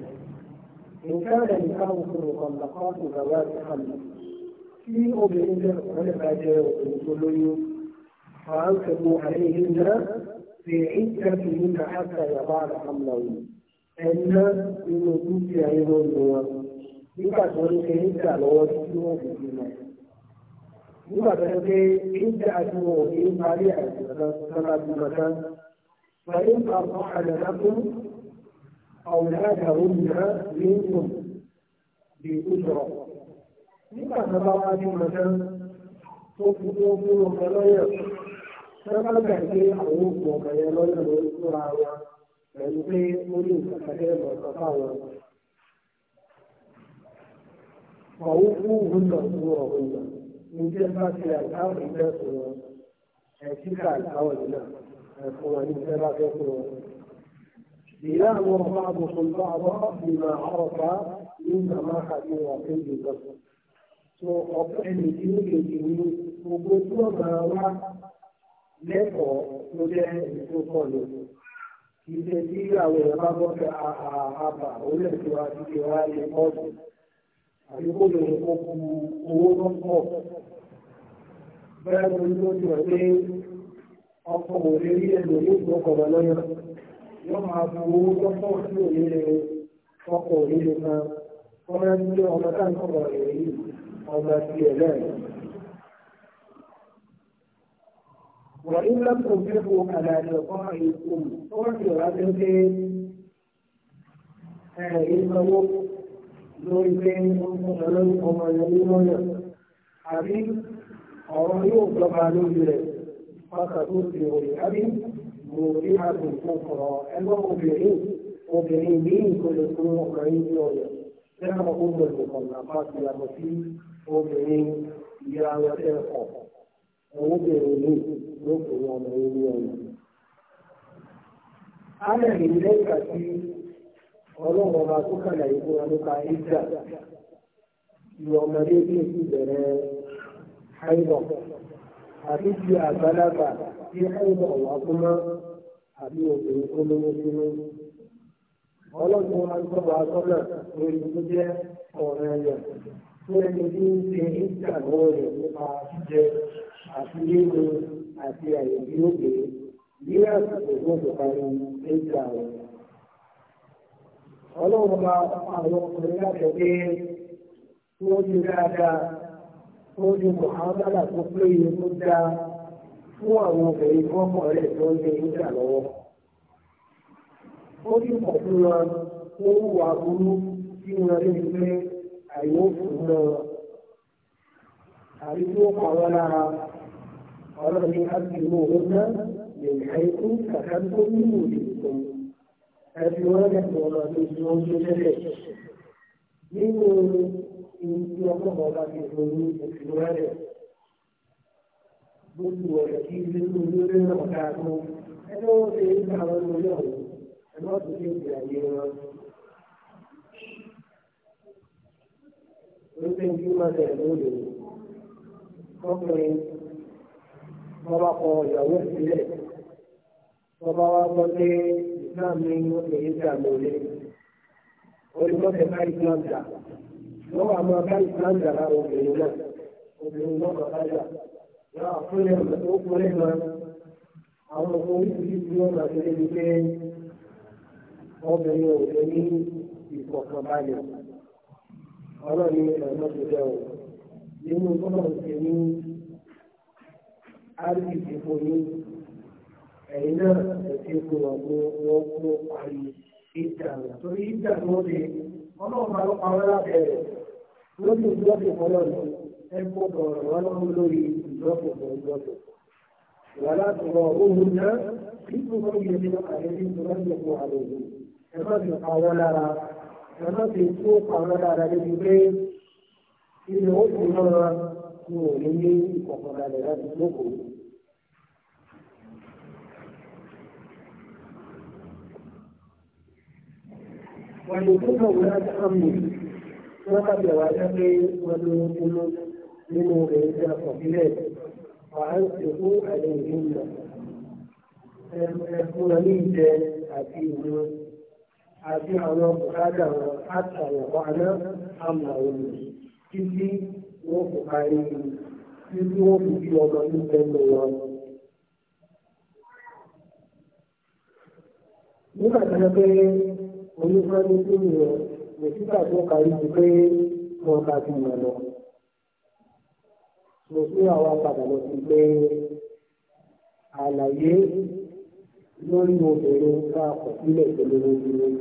nǹkan rẹ̀ nìkan òkú nìkan lọ́kọ́ tó bàbá rẹ̀ kàn mí. tí obìnrin jẹ́ ọ̀rẹ́ bá jẹ́ òkùnrin tó lóyún máa ń fẹ́kù àríyìn náà fi ìjà fi ní àṣà ìyàbá rẹ̀ kàn lọ́wọ́. ẹ̀ná inú dúkìá inú ìlú wọn nígbà tí wọ́n ń ṣe ìjà nígbà tó ṣe pé ìdá àti wọn ò ní parí àìsàn sọ́nà bí mọ̀tán pẹ̀lú àwọn àdàlákùn ọ̀wùdádàrún mìíràn ní ìkùn bí ìkùsọ̀rọ̀ nígbà tó bá wá bí mọ̀tán tó fi tó fún ọmọ lọ́yọ̀ sọ́nà gbà pé àwọn òkú ọmọ yẹn lọ́yọ̀ ló ń kóra wọn pẹ̀lú pé ó ní ìkàkàdé ìmọ̀tán fáwọn ọ̀hún fún òun náà fún ọ̀hún náà níbi ẹ bá ti àkáwọ̀ ìgbẹ́ fún wọn ẹ̀síkà àkáwọ̀ ìlà ẹ̀fún wọn níbi ẹ bá fẹ́ fún wọn. ìyá àwọn ọmọ àbùkùn bá wọ́ ìmọ̀ àrọ̀fá nígbà máa kàdé wà fún ìjọba. so ọ̀pọ̀ ẹnì tí ó kejì ní gbogbo tí wọ́n máa wá lẹ́kọ̀ọ́ ló jẹ́ ìfúnkọ́ ni. ìṣe àwọn èèyàn bá bọ́ sí àbà orílẹ̀-èdè wa ti fi wá lè àbí kó owó tó ń pọ̀. Bẹ́ẹ̀ ló ń lójú rẹ̀ pé ọkọ̀ ò rí ẹlò yóò tó kọ̀ọ̀rọ̀ Yóò máa bu owó tó pọ̀ sí òye lè ọkọ̀ òye lè kan. Ọmọ ẹni ọmọ tá ń kọ̀ọ̀rọ̀ rẹ̀ yìí, ọmọ ti ẹ̀ lẹ́ẹ̀. وإن لم تنفقوا على لقائكم فوجد رجل إنه lórí pé ọmọ yẹn ní lọ́yà àbí ọ̀rọ̀ yóò gbọ́ba lórí rẹ̀ pàtàkì ti ròyìn àbí mo rí àbò ìfọkọ̀rọ̀ ẹgbẹ́ obìnrin obìnrin ní ìkọlù fún ọkùnrin ní ọ̀yà tẹ́lá ọgbọ̀n ìkọ̀nà pàtàkì yàtọ̀ sí obìnrin ìyá rẹ̀ ẹ̀kọ́ obìnrin ní lókùnrin ọmọ yẹn ní ọ̀yà. Alẹ́ ìlẹ́ka sí ọlọ́run ọba tó kàlàyé fún wa nípa ìjà ju ọmọdé bí èsì bẹ̀rẹ̀ haibọ̀ àti ju àgbàlagbà tí haibọ̀ wà fún mọ́ àbí obìnrin tó lówó sínú. ọlọ́run wa sọ wa sọ́nà lórí tó jẹ́ ọ̀rẹ́ rẹ̀ fún ẹni tí ń ṣe ìjà lọ́wọ́ rẹ̀ nípa jíjẹ àti lílo àti àyè tí ó ọlọ́run àwọn ọkùnrin láti pé kí wọ́n ṣe dáadáa kí wọ́n ṣe tó péye tó dáa fún àwọn obìnrin fọ́mọ̀ rẹ̀ tó ń ṣe nígbà lọ́wọ́. ó sì pọ̀ fún wọn ó wà burú tí wọn lè pé àyè ó àbí tí ó pa wọn lára ọlọ́run ní àbí ìmọ̀ òun náà lè ṣàìkú kàkà tó nínú ìdìbò àti orílẹ̀-èdè ọ̀rọ̀ ní ìlú oúnjẹ lẹ́lẹ̀. Nínú ìlú ọlọ́mọ bá ti fún ní ìlú rẹ̀. Gbogbo ọ̀rẹ́ kí ilé ní olórí náà dáa tó. Ẹni wọ́n ṣe ń bá wọn lórí ọ̀rọ̀. Ẹni wọ́n ti ṣe ìgbé ayé wọn. Oríṣi ìlú máa bẹ̀rẹ̀ lóde. Ọkùnrin wọ́n bá kọ ìyàwó ìbílẹ̀. Wọ́n bá wá gbọ́ Islam ní oṣù Islam lórí. Olùkọ́sẹ̀ bá Islam dà. Wọ́n wà máa bá Islam dà lára obìnrin náà. Obìnrin náà bàbá dà. Yọ àkúrẹ́ ọkùnrin náà. Àwọn oríṣiríṣi wọn máa ṣe lébi pé obìnrin ò lè ní ìfọ̀kànbalẹ̀. Ọlọ́run ní ọ̀nà tó jẹ́ Nínú bọ́lá òṣèlú, àríkì ti fún yín ẹ̀yìn náà ẹ̀sìn ìpò ọ̀gbọ́n wọn kó parí ìjà rẹ̀ torí ìjà tó lè ọlọ́run máa ń parọ́ lábẹ́rẹ̀ lórí ìjọ́sìn fọlọ́ọ̀nù ẹ̀kọ́ bọ̀rọ̀ wọn lọ́wọ́ lórí ìjọ́sìn fọlọ́ọ̀nù. ولا تضاروهن في تبين عليهم تنزق عليهم كما في قاولة كما في سوق قاولة على الجبريل إن أسلم نوري وقال لها تسلكوا wàlùkúkọ̀ wọn ti hàn mí wọ́n kàbẹ̀ wá jáde wọn ló ń kúló nínú rẹ̀ ń jà kọ̀bílẹ̀ wà á ń sèkú àlẹ́ ìlú lọ. Ẹ̀fún ní ìjẹ àti ìlú àti àwọn bùkátà wọn àtàwọn ọ̀nà àmà òní títí wọ́n kò parí títí wọ́n kò fi ọmọ nípa ẹnu wọn. Nígbà tó ń pẹ́ onífẹ́ni tó ní ẹ lè síta tó kárí ju pé wọn ká sí ìmọ̀ lọ. mo sí àwa padà lọ sí pé àlàyé lórí obìnrin ká àkọsílẹ̀ pẹ̀lú obìnrin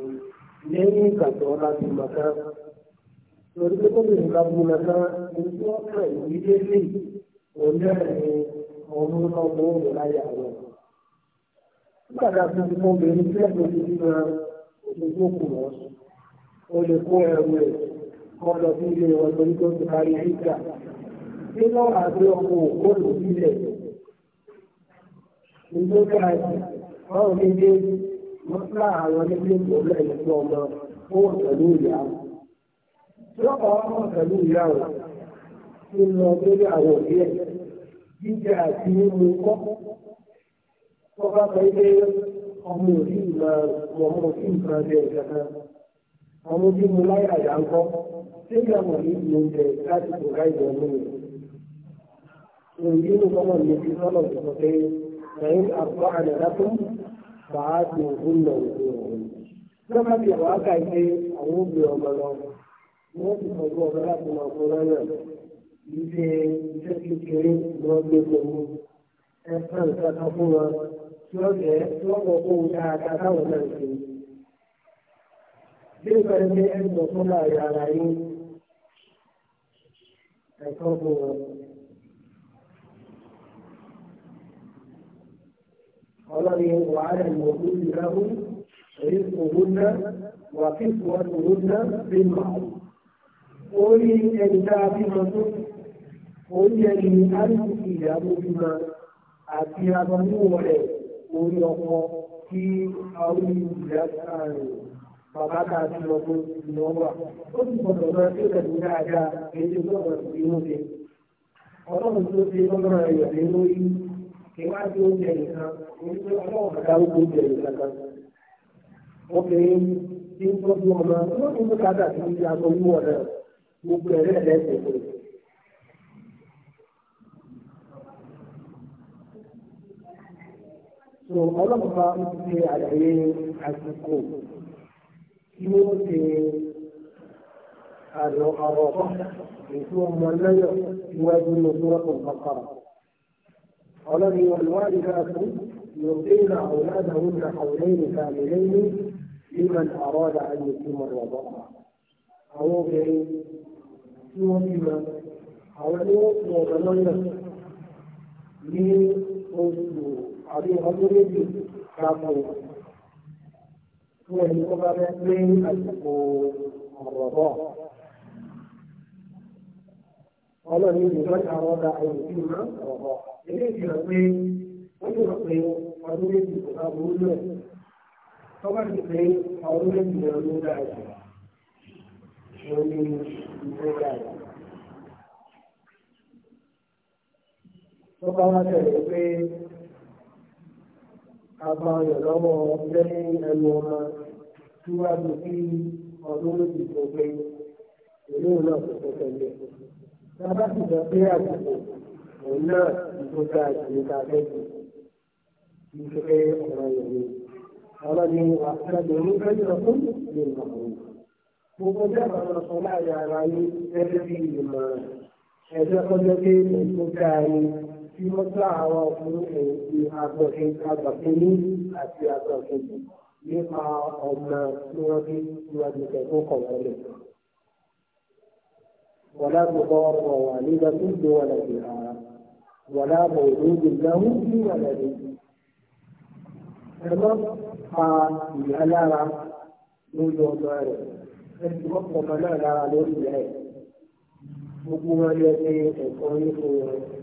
lẹ́yìn ìgbà tó ọba ti mọ̀ tán. lórí pé kóbìnrin ká bú mọ̀ tán ní tí wọ́n kàn ní délé òun náà ọmọ ọmọ òun láyà rẹ̀. nígbà tá a fi fún obìnrin sílẹ̀ tó ti fi hàn lójú òkú lọ o lè kó ẹrù ẹ̀ kọ́ lọ sí ilé wọn torí tó ti parí ìgbà tí wọ́n wà pé ọkọ̀ òkú lò sílẹ̀ lójú òkú àti báwo ní ilé mọ́tà àwọn nílé ìgbòho ẹ̀yìn tó ọmọ ó wà pẹ̀lú ìyá tí ọmọ pẹ̀lú ìyá rẹ̀ tí lọ lórí àwọn òbí ẹ̀ jíjẹ àti mímu kọ́ tó bá sọ ilé ọmọ òsì ìmọ̀ ọmọ òsì ìmọ̀ ọdẹ ìjọba ọmọ tí mo láyé àyà ń kọ́ tí ìgbà mọ̀ ní ìlú oúnjẹ láti kò ká ìwọ̀ ọmọ mi. Òyìnbí ló kọ́mọ̀ ní ti sọ́nà ìjọba pé ẹ̀yìn àgbọ̀ àdàdà tó bàá ti òun nà òun òun. Lọ́kà ti àwọn àkà ìpè àwọn òbí ọmọ lọ. Wọ́n ti sọ̀rọ̀ ọmọ láti máa kó lọ́nà. Ìṣe iṣẹ́ kékeré lọ́gbẹ́ pẹ̀lú ẹ̀ka yóò jẹ́ lọ́pọ̀ kó dáadáa táwọn náà ṣe. Bí ìfẹ́ ní ẹ̀sùn tó láàyè ara yín, ẹ̀kọ́ bò wọ́n. Ọlọ́run wàhálà ìmọ̀lú ìlàwó, èyí òun náà, wà kí ìfọwọ́n òun náà bí màá. Orí ẹni tá a bímọ tó, orí ẹni arúgbó ìyàwó bímọ àti agbọ̀nmú rẹ̀ orí ọkọ tí àwọn ìyá bàbá ta ti lọ fún ìlú wa ó sì gbọdọ̀ lọ sí ìrẹ̀lú dáadáa èyí tó lọ sí inú ṣe ọlọ́run tó ṣe lọ́nà ẹ̀yọ̀ lé lórí ìwádìí oúnjẹ nìkan orí pé ọlọ́run kàdá ó gbóúnjẹ nìkan kan obìnrin tí ń tọ́jú ọmọ lórí mú kádà sí ìyá tó wú ọ̀rẹ́ gbogbo ẹ̀rẹ́ ẹ̀lẹ́sẹ̀ so ọlọ́mọba ń ṣe àlàyé àsìkò tí ó ṣe àlọ́ ọ̀rọ̀ ètò ọmọlẹ́yọ̀ iwájú ní sọ́rọ́tò bàkàrà ọlọ́ni olùwádìí káàkó يعطين أولادهن حولين كاملين لمن أراد أن يتم الرضاعة أو غير سوى بما أو أن يطلب لنا لأسلوب àbí ọdún méjì káàkó fún ẹni tó bá fẹ́ pé àsìkò ọ̀rọ̀ bọ̀. Ọlọ́run yìí ló ń àwọn ọ̀dà ẹ̀yìn tí ó máa ń sọ̀rọ̀ bọ̀. Ilé ìjìnlẹ̀ pé ó ti rọ̀ pé ọdún méjì kò bá burú lẹ̀. Tọ́ba ti pé ọdún méjì lọ ló dáa jù. Ó ní ìgbé dáa jù. Tọ́ba wá tẹ̀lé pé agbáyọ̀ lọ́wọ́ lẹ́yìn ẹnu ọmọ síwájú sí ọdún méjì tó pé ìlú náà kò tó tẹ̀lé. Bàbá sì sọ pé àbùkù òun náà ìbò ta ìṣòro ta fẹ́jù kì í ṣe pé ọ̀rọ̀ yẹn ni. Àwọn ni wà á lè ní fẹ́jọ́ fún ìlú Gbogbo dábàá lọ sọ láàrin ara yín gẹ́gẹ́ bí ìmọ̀ràn. Ẹ̀jẹ̀ kọjọ́ pé ìbò ta ni tí ó dá àwọn ọkùnrin èyí agbọ̀kẹ́ agbọ̀kẹ́ ní àti agbọ̀kẹ́ jù nípa ọmọ tí wọ́n bí síwájú ẹ̀kọ́ kọ̀ wọlé. ولا تضار والدة بولدها ولا مولود له بولده ẹ̀rọ pa ìyá lára lórí ọmọ rẹ̀ ẹni ọkọ̀ ọmọ náà lára lórí rẹ̀ gbogbo wọn yẹ pé ẹ̀kọ́ yìí fún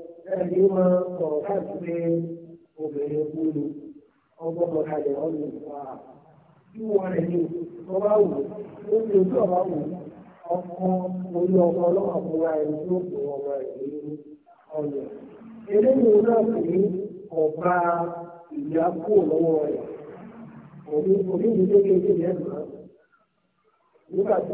ẹni máa sọ̀rọ̀ káàkiri obìnrin kú ni ọgbọ́n lọ kalẹ̀ ọ̀nà ìfà bí wọ́n ọba wù ó ti ojú ọba wù ọkọ orí ọkọ ọlọ́wọ́ àbúrò ẹni tó kù ọmọ rẹ̀ ní ọ̀nà. eléyìí náà sì ní ọba ìyá kú lọ́wọ́ òní ní kékeré yẹn nígbà tí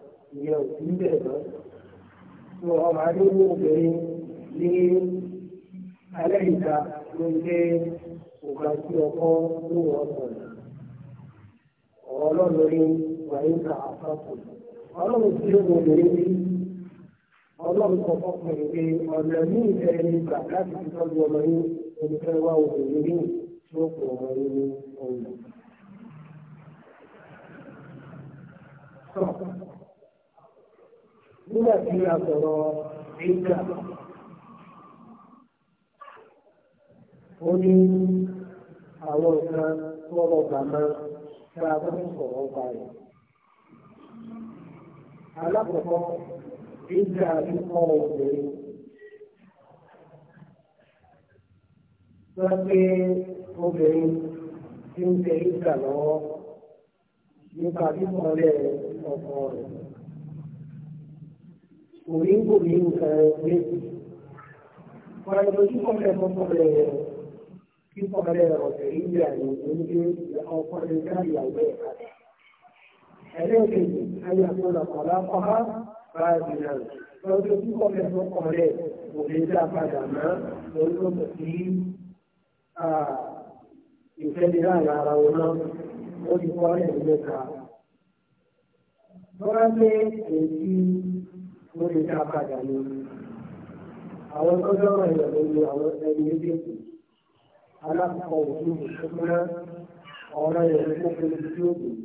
ìyẹn ò sí bẹ́ẹ̀ lọ. Tí wọ́n máa ní owó obìnrin ní alẹ́ ìta ló ń gbé ògbà tí ọkọ ló wọ́n sọ̀rọ̀. Ọlọ́run ní wàyí kà á fọ́pọ̀. Ọlọ́run tí ó wọ obìnrin ní ọlọ́run kọ̀ fọ́pọ̀ ní pé ọ̀nà ní ìfẹ́ ní ìgbà láti fi tọ́jú ọmọ yín olùfẹ́ wá obìnrin ní tí ó pọ̀ ọmọ yín ní ọ̀nà. Thank you. nígbà tí a sọ̀rọ̀ ìgbà ó ní àwọn nǹkan tọrọ gbàmọ́ tá a bá sọ̀rọ̀ ọba rẹ̀. alákọ̀ọ́kọ́ ìgbà ikọ̀ obìnrin wọ́n obìnrin ti ń tẹ moringo ni mesi para lo que compré por sobre que compré la rotería y un día o por el gran la oveja era que había una palabra para final lo que sí compré por sobre moringa para nada lo que sí a infelidad a la una o igual en mesa Durante el mo lè ta padà ní àwọn tọ́jú ọ̀rọ̀ ẹ̀yọ̀ ló ní àwọn ẹni méjèèjì alákọ̀ọ́ òfin ìṣúná ọ̀rọ̀ ẹ̀yọ̀ tó kéré tí ó dùn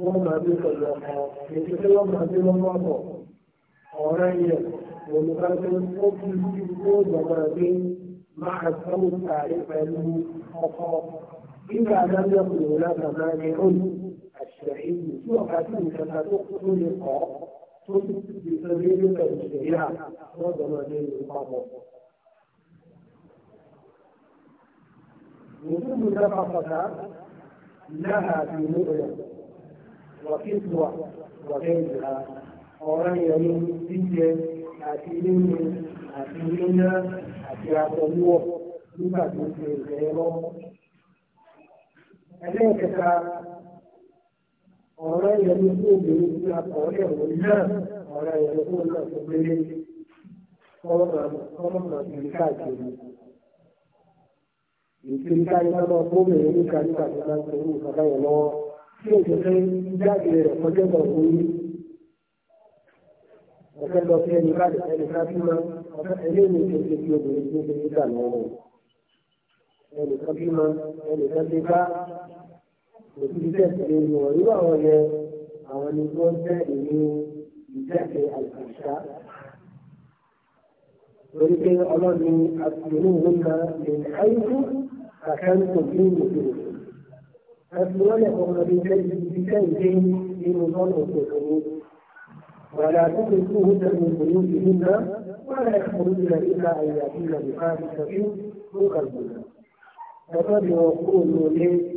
wọ́n máa bí pẹ̀lú ọkọ̀ èyí tí wọ́n máa bí wọ́n mọ́tọ̀ ọ̀rọ̀ ẹ̀yọ̀ olùkọ́ni ó fi sí ó gbọ́dọ̀ gbé máa sọ́wọ́ tààrí pẹ̀lú ọkọ̀ nígbà adájọ́ kò lè lábàá máa ní olú àṣìṣe èyí tí ọ̀gá tó ti ti sọ lórí pẹ̀lú ìṣẹ̀yà lọ́dọ̀ náà lé ìlú papọ̀. وجود نفقة لها في مؤنة وكسوة وغيرها ọ̀ràn ìrìn jíjẹ àti mímu àti níná àti àtọ̀wọ́ nígbà tó ṣe ìrẹ́rọ́. ẹlẹ́ẹ̀kẹta ọ̀rọ̀ yẹn ní obìnrin tí a kọ̀ ọ́lẹ̀ wò náà ọ̀rọ̀ yẹn kó náà kó gbélé kọ́mọ̀nà ìlú náà lọ fún obìnrin ní kájú kájú náà yẹn lọ́wọ́. Tí o jẹ́ jáde rẹ̀ kọjá lọ fún yín. Ọ̀fẹ́ lọ sí ẹni káàdì ẹni káàdì máa ọ̀fẹ́ ẹlẹ́yìn tó ṣe fi obìnrin tó ṣe nígbà lọ́wọ́. Ẹnì kan bí máa ẹnì kan ti bá وتجد الوعي وهي أو أن يكون تأمين بذات الفحشاء ولكن الله من أسلموهن من حيث أكلتم في نفوسكم أسلموهن بكيد بنظام الحكم ولا تدركوهن من بيوتهن ولا يخرجن إلا أن يأتين بفاحشة تغلبن. فقد يقول لي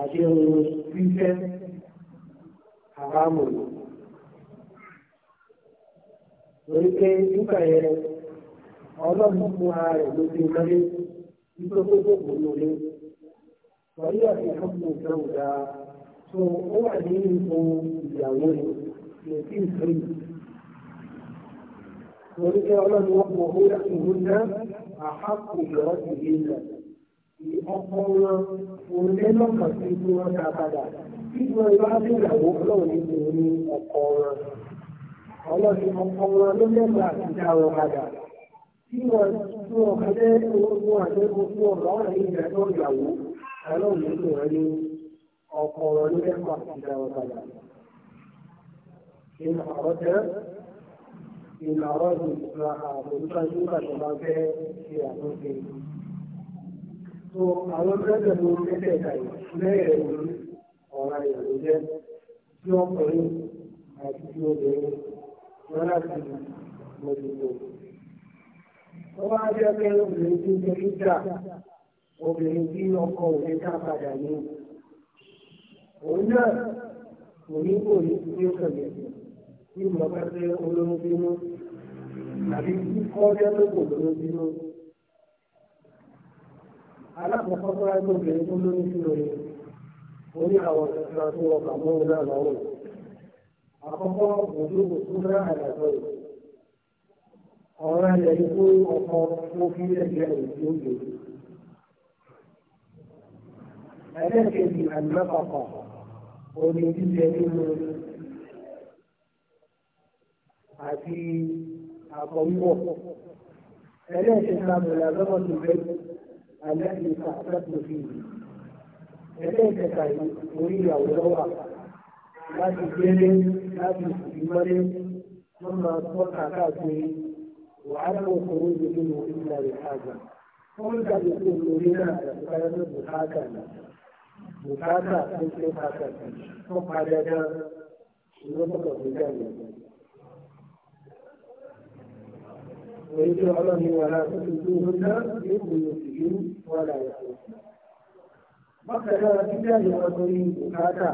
àdéhùn fífẹ́ àrámù lórí pé nígbà yẹn ọlọ́run fún ara rẹ̀ ló fi mọ́lé nígbà tó gbogbo lórí wọ́n yóò fi fọ́pọ̀ ìfẹ́hùn dáa tó ó wà ní ipò ìyàwó rẹ̀ lè fi ìfẹ́ lórí pé ọlọ́run wọ́n mọ̀ ó yàtọ̀ ó ná àhápò ìrọ́sì yìí náà ọkọ wọn òun lẹ́lọ́kàn sí tí wọ́n ta padà tí wọ́n bá bẹ̀rẹ̀wò ọlọ́run nínú orí ọkọ wọn ọlọ́run ọkọ wọn ló lẹ́gbà àti dá wọn padà tí wọ́n tún ọkọ jẹ́ orúkọ àtẹ́kùn fún ọ̀rọ̀ ọ̀rọ̀ yìí lẹ́tọ́ ìyàwó ọlọ́run nínú orí ọkọ wọn ló lẹ́gbà àti dá wọn padà. إن أردنا إن أردنا إصلاحا من فجوة ما فيه في أنفسهم tó àwọn tẹ́lẹ̀ mú mẹ́tẹ̀ẹ̀ta mẹ́rẹ̀ mú ọ̀rọ̀ ìyàwó jẹ́ tí ọkùnrin àti tí alákọ̀ọ́kọ́ tó ráyé lóbìnrin tó lóyún sí lórí orí àwọn ìṣẹ́ra tó wọ pàmò náà lọ́wọ́ àkọ́kọ́ òjò òkú náà àyàtọ̀ yìí ọ̀rọ̀ ilẹ̀ yìí tó ọkọ̀ tó fi ẹgbẹ́ rẹ̀ tí ó yẹ ẹlẹ́kẹ̀ẹ́bì àlùmọ́pàpà omi jíjẹ nínú àti àkọ̀wíwọ̀ ẹlẹ́kẹ̀ẹ́ta mọ̀lá lọ́wọ́ tó bẹ́ẹ̀ الذي تحتد فيه لديك كاي أريد لا تجلل لا تستمر ثم توقع كاسه وعدم الخروج منه إلا بحاجة قلت يقول أريد فكانت بحاجة بحاجة تلك بحاجة ثم عددا شروطك في جانب èyí ọlọ́run ní wàrà tó ti dúró lọ́nà lẹ́kùn òṣèlú wàrà ẹ̀kọ́. bákan náà títí àyè ọdún bùkátà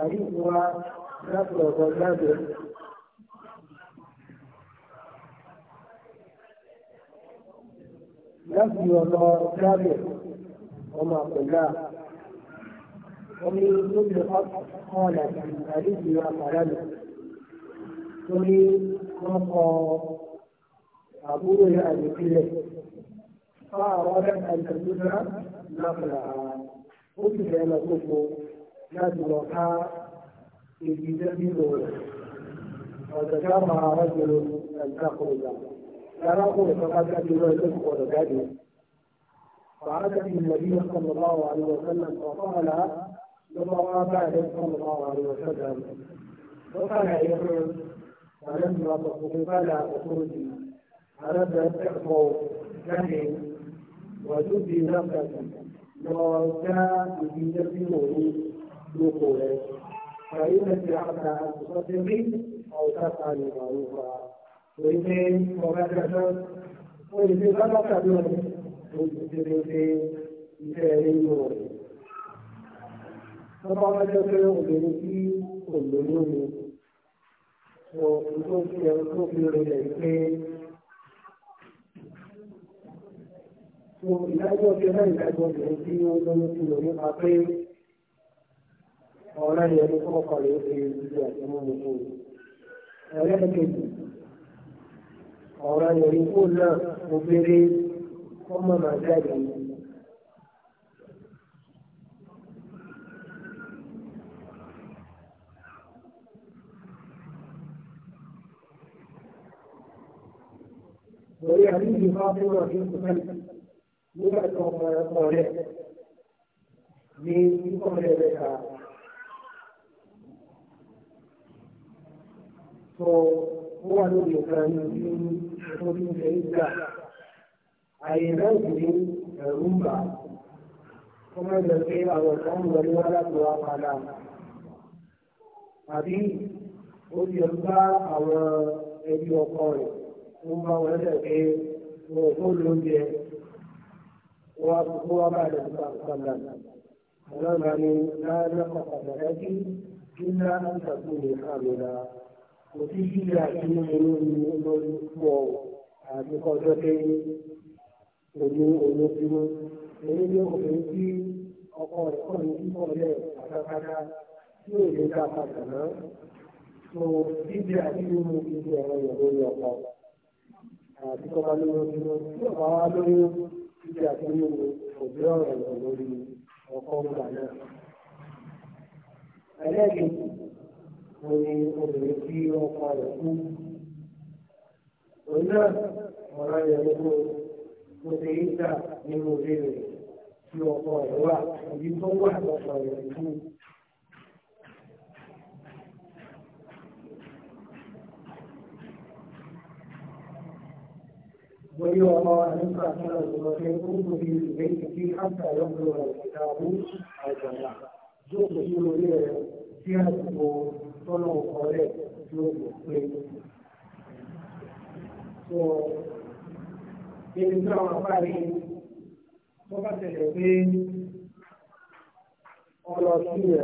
àyíkú wa láti ọ̀gọ́ gbàgbé. láti ọ̀dọ̀ gbàgbé ọmọ àpẹ̀lá omi lóbi ọ̀pọ̀ ọ̀nà àdéhùn àpàdánù. lórí wọn kọ àbúrò àdìpínlẹ̀ fáwọn ọ̀rẹ́ àdìpínlẹ̀ lọ́kùnrin àwọn ó sì fẹ́ lọ gbogbo láti lọ ká èyí lẹ́bí lò rẹ̀ ọ̀dọ̀ ká máa rọ́jòrò ẹ̀ka kọ̀ọ̀dà yàrá kọ̀ọ̀dà tó bá jáde lọ ilé kọ̀ọ̀dà jáde فعاد النبي صلى الله عليه وسلم فقال لما بعد صلى الله عليه وسلم وقال يقول فلما قبل خروجي أراد أن تحفظ دمي وتبدي نفسه وكان يجد في دخوله فإنك على أن تصدقي أو تفعلي معروفا وإذن وبعد وإذن غلط بهم وإذن ìfẹ́ẹ̀rẹ́yìn rẹ̀. Wọ́n bá wájọ́ pé obìnrin tí kò lóyún ni so tó fi ẹ̀ tó fi rẹlẹ̀ pé so ìdájọ́ ti náà ìdájọ́ obìnrin tí ó lóyún sí lò nípa pé ọ̀rẹ́ yẹn ní kọ́kọ́ rẹ̀ ó fi ìdí àti mú mi kú ọ̀rẹ́ kejì ọ̀rẹ́ yẹn ní kú náà mo ọmọ màá jáde yìí. عليه خاطر في القرآن يبعثهم ويقول من قبل ذلك هو الذي كان في حكم شديدة عينته رمبا وما يلقي أو الأم والولد وقلام أبي قد يلقى أو أبي وقال wọ́n bá wọn lẹ́sẹ̀ pé wọn ò fún lóúnjẹ wọ́n kó wá bá àdàbí pàǹpàǹdà ọlọ́run ni láàárín ọkọ̀ pàtàkì kí ńlá ń tàbí ní àmìlà kò sí yíyá inú inú ni olórí pọ̀ àti kọjọ́ pé òní òní dúró èyí ni obìnrin tí ọkọ rẹ̀ kọ́ ní kíkọ́ lẹ̀ pátápátá tí ò lè dá padà náà. So, bíbí àti mímú ibi ẹ̀rọ yẹ̀ lórí ọkọ̀ àti kọ́ba lórí lórí tí ọ̀pá wa lórí títí àtúnyẹ̀wò òbí ọ̀rọ̀ ẹ̀rọ lórí ọkọ̀ ọgbà náà. ẹlẹ́ẹ̀kejì mo ní obìnrin tí ọkọ rẹ̀ kú. òun náà ọ̀rọ̀ rẹ̀ ló kó mo ṣe é gbà nínú ilé rẹ̀ tí ọkọ rẹ̀ wà ibi tó wà lọ́sọ̀rọ̀ rẹ̀ kú. ويرى أنك أكله وسيكون في بيته حتى يبلغ الكتاب أجله ذوق سلوية سياسة صنع قريب ذوق قريب so ìrìnsà wọn parí wọn bá tẹlẹ pé ọlọ sí ẹ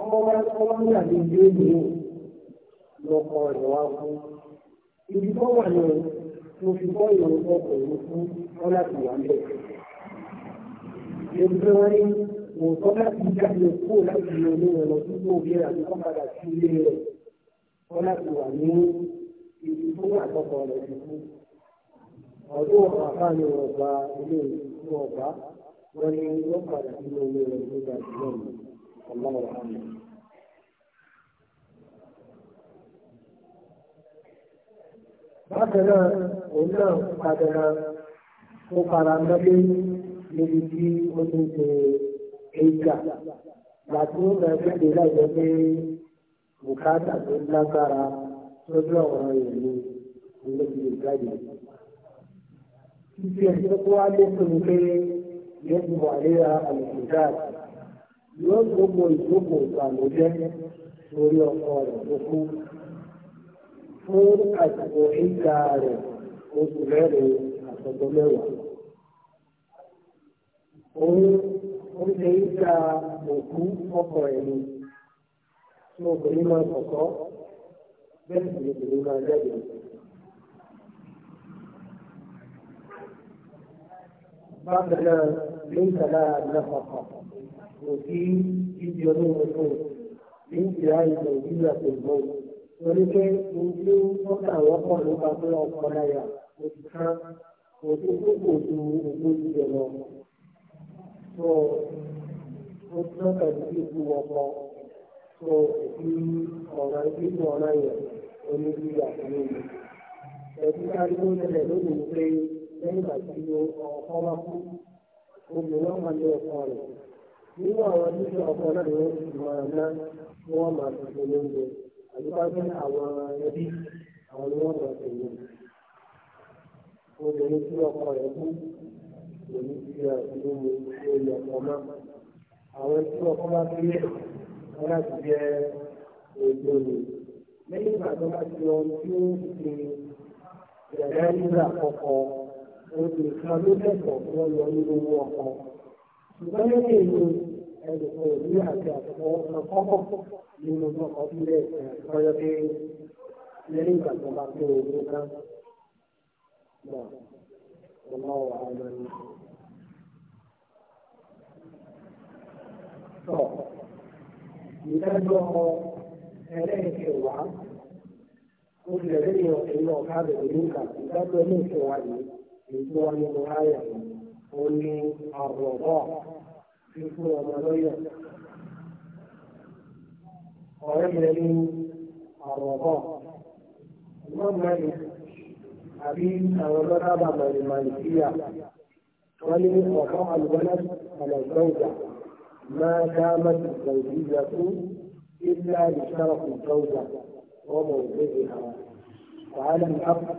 ọmọ wa ọmọ nígbà tí ìdí ènìyàn lọkọ rẹ fún ibi tó wà ní mo fi kọ́ ìròyìn ọkọ̀ òun fún wọn láti wà ńbẹ̀. Ebi tí wọ́n ní mo sọ láti jáde kúrò láti lè ní ọ̀nà tó tó bí àti kọ́ padà sí ilé rẹ̀ wọn láti wà ní ibi tó wà tọkọ rẹ̀ ti kú. Ọdún ọ̀pá fáànù ọ̀gbà ilé ìlú ọ̀gbà wọn ni wọ́n padà sí ilé rẹ̀ tó dà sí lọ́nà ọ̀gbà ọ̀hánà. bákan náà òun náà padà ó fara mọ́lé níbi tí ó ti ń ṣe ẹja láti ó máa jáde ihe pé bùkátà tó lágbára lójú àwọn ìlú olóbi ìjáde. Títí ẹ̀sìn tó wá lé fún pé yóò ti wà léra yóò gbogbo fún àsìkò ìgbà rẹ̀ oṣù mẹ́rin àtọ́jọ́ mẹ́wàá. Òun ń ṣe ìgbà òkú ọkọ ẹ̀ ni tí obìnrin máa kọ̀kọ́ bẹ́ẹ̀ sì ni obìnrin máa jáde. Bákan náà, ní ìtàlá àgbàpapọ̀, kò sí jíjọ ní ọdún, ní ìtìlá ìgbà òjìlá pẹ̀lú mọ́ọ̀lù torí pé ojú wọn kà wọ́pọ̀ nípa pé ọkọ̀ láyà ojú kan ojú tó kò ju ojú ìjẹ lọ. so ojú náà kàdí sí ibi wọ̀pọ̀ so ibi ọ̀rọ̀ ibi tó ọ̀rọ̀ yẹn oníbi àtúnyẹ mi. ẹ̀bí kárí ló tẹ̀lẹ̀ lónìí pé lẹ́yìn ìgbà tí ọkọ̀ wá kú obìnrin wọn lé ọkọ rẹ̀ nínú àwọn oníṣẹ́ ọkọ̀ náà ni wọ́n ti máa ná wọ́n máa tuntun lóúnjẹ àyíká àwọn ẹbí àwọn ni wọ́n lọ tẹ̀lé obìnrin tí ọkọ rẹ̀ kú kò ní fi àìsí mu lórí ọkọ náà àwọn tí ọkọ bá fi lé wọn láti jẹ ojú ni lẹ́yìn ìgbà tó bá ti lọ tí ó ń fi ìdàgbà nígbà àkọ́kọ́ obìnrin kan ló lẹ́kọ̀ọ́ tí wọ́n lọ nínú owó ọkọ ṣùgbọ́n lẹ́yìn èyí ẹnìkan ò ní àti àtọwọ́sọ kọ́kọ́ nínú ọkọ̀ sílẹ̀ lọ́yọ́ pé lẹ́yìn ìgbà tó bá tó owó ká mọ̀ ó ti lẹ́yìn ọ̀sẹ̀ náà káàbẹ̀ òní ìgbà ìdájọ́ ẹlẹ́ẹ̀kẹwàá yìí èyí tí wọ́n ní mo ó ní àrọ̀bọ̀. يكون ما بين ويملئ الرضاء الإمام مالك حبيب أو مذهب من المالكية ولي وقع الولد على الزوجة ما دامت الزوجية إلا بشرف الزوجة وموضعها وعلى الأب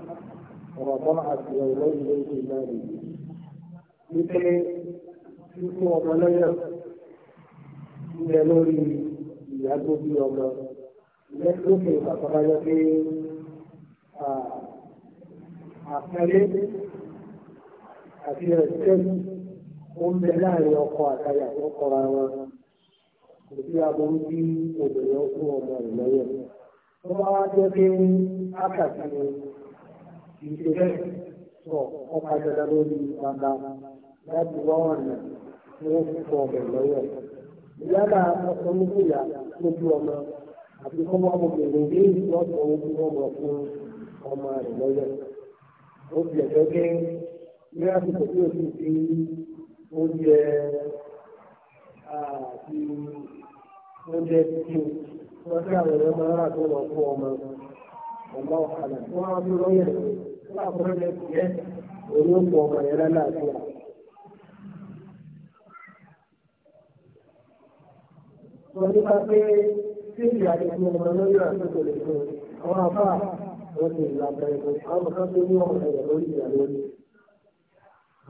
رضاعة يومين بيت المال مثل nípò ọmọ lọ́yọ̀ ilẹ̀ lórí ìyá tó bí ọmọ lókè ìpàkọ́bájọ́ pé àpẹẹrẹ àti láàrin àtàyà tó kọra wọn kò sí aburú bí obìnrin ó fún ọmọ rẹ̀ tó bá wá jẹ́ pé ni sọ ọkọ̀ lórí láti wọ́n fọ ọ̀bẹ lọ́wọ́ yálà ọ̀sánmúgbìyà lójú ọmọ àti kọ́mọ́ ọmọbìnrin ní ìlọ́sọ̀ owó tí wọ́n mọ̀ fún ọmọ rẹ̀ lọ́wọ́ ó fi ẹ̀fẹ́ gé ní àsìkò tí oúnjẹ àti oúnjẹ tuntun àwọn tó fún ọmọ ọmọ á fi ọmọ yẹn wọ́n nípa pé tí ìyá ìpín ọmọ lórí àtúntò lè fún àwọn afá wọn ti ìlànà ìbò àwọn kan tó ní ọ̀nà ẹ̀yà lórí ìyá lórí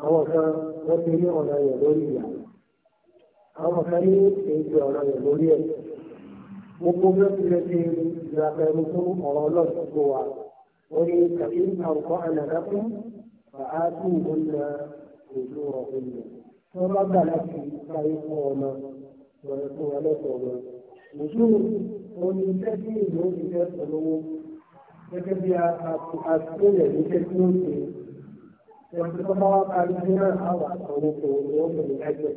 àwọn kan wọ́n ti ní ọ̀nà ẹ̀yà lórí ìyá àwọn kan ní èyí ọ̀nà ẹ̀yà lórí ẹ̀ gbogbo bí ó ti lè ṣe ìlànà ẹ̀rù fún ọ̀rọ̀ ọlọ́ọ̀tún tó wà ó ní kàbí àwùkọ́ àlàdákùn fàákùn òun náà òjò ọ̀hún wọn fún wa lọ́tọ̀ wọn. Mùsùlùmí wọn ni iṣẹ́ tí ìlú ti fẹ́ polówó gẹ́gẹ́ bí àtúnyẹ̀ níṣẹ́ tí ó ṣe. Wọ́n ti kọ́kọ́ wá parí sí náà àwọn àtàwọn òkòwò ni wọ́n pèlè ẹgbẹ́.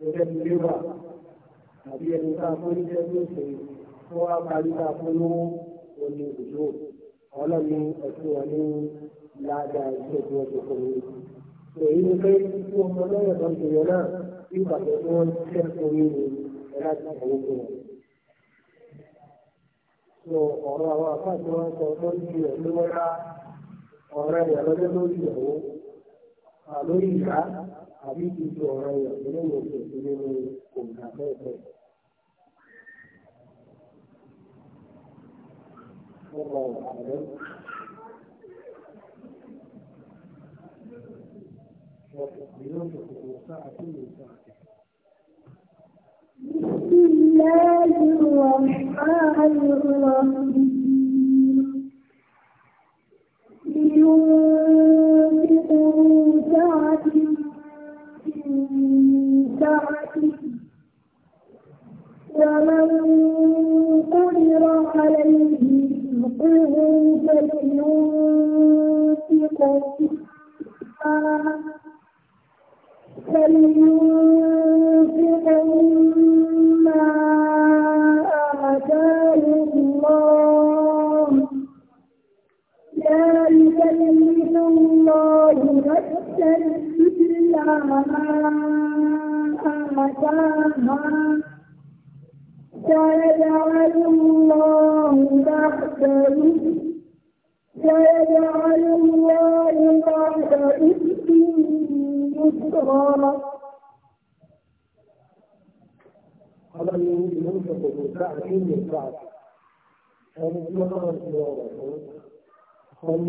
Gẹ́gẹ́ bí lébà àbí ẹni tá a fún iṣẹ́ tí ó ṣe tó wá parí tá a fún lówó wọn ni òjò. Ọlọ́ni ẹ̀sìn wọn ní ládàá iṣẹ́ tí wọ́n ti fún mi èyí ni pé tí ọmọ lọ́yọ̀ náà ti yọ náà bí ìbàdàn tí wọ́n ṣe ń forí ni ẹ láti àwọn ogun rẹ̀. so ọ̀rọ̀ àwọn àfáà tí wọ́n sọ tó ń di ẹ̀ ló wọ́n rá ọ̀rẹ́ rẹ̀ lọ́jọ́ lórí ìyàwó lórí ìyá àbí ti di ọ̀rẹ́ rẹ̀ lẹ́yìn oṣù tó nínú òǹkà bẹ́ẹ̀ bẹ́ẹ̀. Thank you. بسم الله الرحمن الرحيم لينفق ساعة من ساعته ومن قدر عليه رزقه فلينفق سليم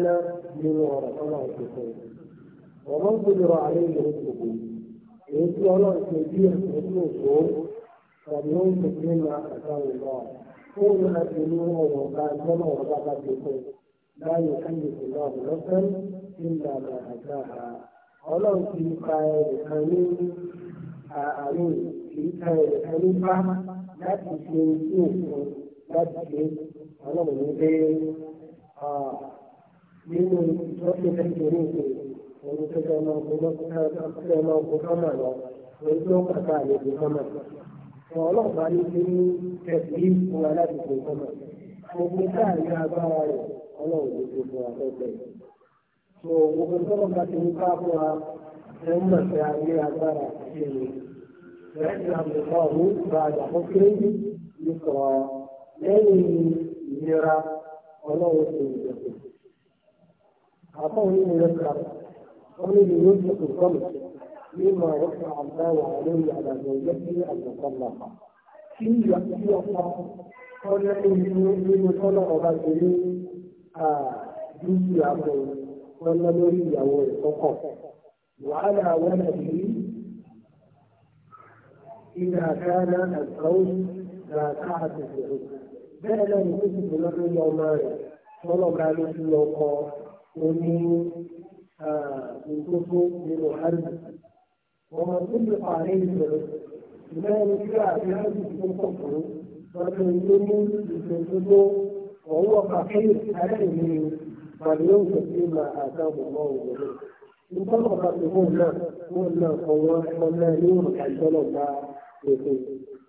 ná nínú ọ̀rọ̀ tọ́lá ìṣẹ̀fẹ̀. ọ̀rọ̀ ń gbọdọ̀ àárẹ̀ ìlú òkòkò èyí tí ọlọ́run ṣe bí ẹ̀sìn òṣò tàbí ó ń tẹ̀lé ma àgbà ìlọ ó ń ra ti ní ọ̀rọ̀ ọ̀gá tọ́lá ọ̀gá bá ti fẹ́ báyìí kí ni ìlú àbùlọ́sán ti ń dàgbà àgbà ọlọ́run ti ka ẹ̀ẹ̀kan ní àárín kìí ka ẹ̀ẹ̀kan ní bá láti ṣe ojú òkun láti ṣe ọlọ́run ní bẹ́ẹ̀ nínú ìtọ́jú kékeré ìpè òun tó jẹ́ máa gbọ́dọ̀ máa lọ òun tó ń pàtà àlejò kọ́mà. Àwọn ọlọ́pàá ní kí ní ẹ̀sìn yìí fún wa láti pè kọ́mà. Gbogbo káàrí agbára rẹ̀ ọlọ́run ló gbogbo àtọ́jọ́ yìí. So gbogbo tọ́lọ̀ bá ti ń bá fún wa ẹ̀ ń mọ̀ sí ayé agbára ṣe ni. Bẹ́ẹ̀ni àmọ̀tá òun gba àgbàkọ́ kéréjì ní sọ̀rọ̀ lẹ́yìn ìlera ọlọ́run tó ń عطوه من يذكر قل لي ينفق الخمس مما وقع الله عليه على زوجته ان يطلقها في في قال ان يؤمن صدق بدرين جزي عبد ولا نريد او وعلى ولده اذا كان الفوز لا سعه في الحكم بل له يومان ولو كان في يوم ومن نصوص لمحمد ومن أطلق عليه الرزق ما نجاء بهذه النصوص وتنزل بالنصوص وهو فقير عليه فلينفق مما آتاه الله من رزق انطلقت له هو الناس هو ولا يورك عند الله يكون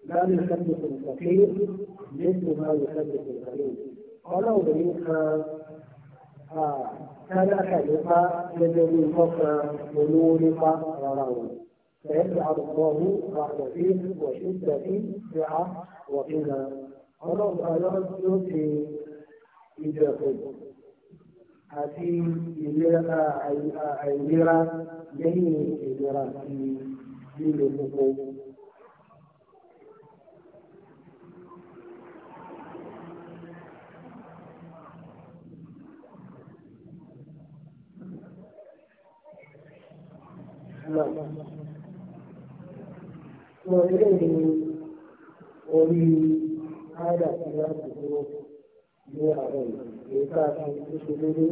لا يحدث الفقير مثل ما يحدث الغني قالوا بمنها kálàkà nípa gẹ́gẹ́ bí kọ́kan olówó nípa rárá wọn. فيجعل الله رحمته وشدته سعة وغنى ọlọ́run ọlọ́run tí ó ṣe ìjọ̀kùn àti àìlera lẹ́yìn ìlera ti lílo gbogbo náà mo ilé ní orí áádà tí wọ́n ti dúró ní àwọn èyí tá a fi ń ṣe lórí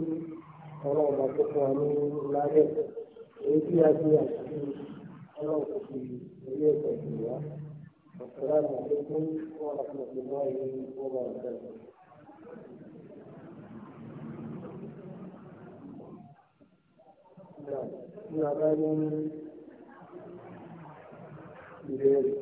ọ̀rọ̀ ọ̀gá tó fún wa ní lálẹ́ èyí tí a ti àṣírí ọ̀rọ̀ kò fi orí ẹ̀sẹ̀ jù wá. السلام عليكم ورحمة الله وبركاته Yeah ní abájọ́ ní ìrẹ́rẹ́.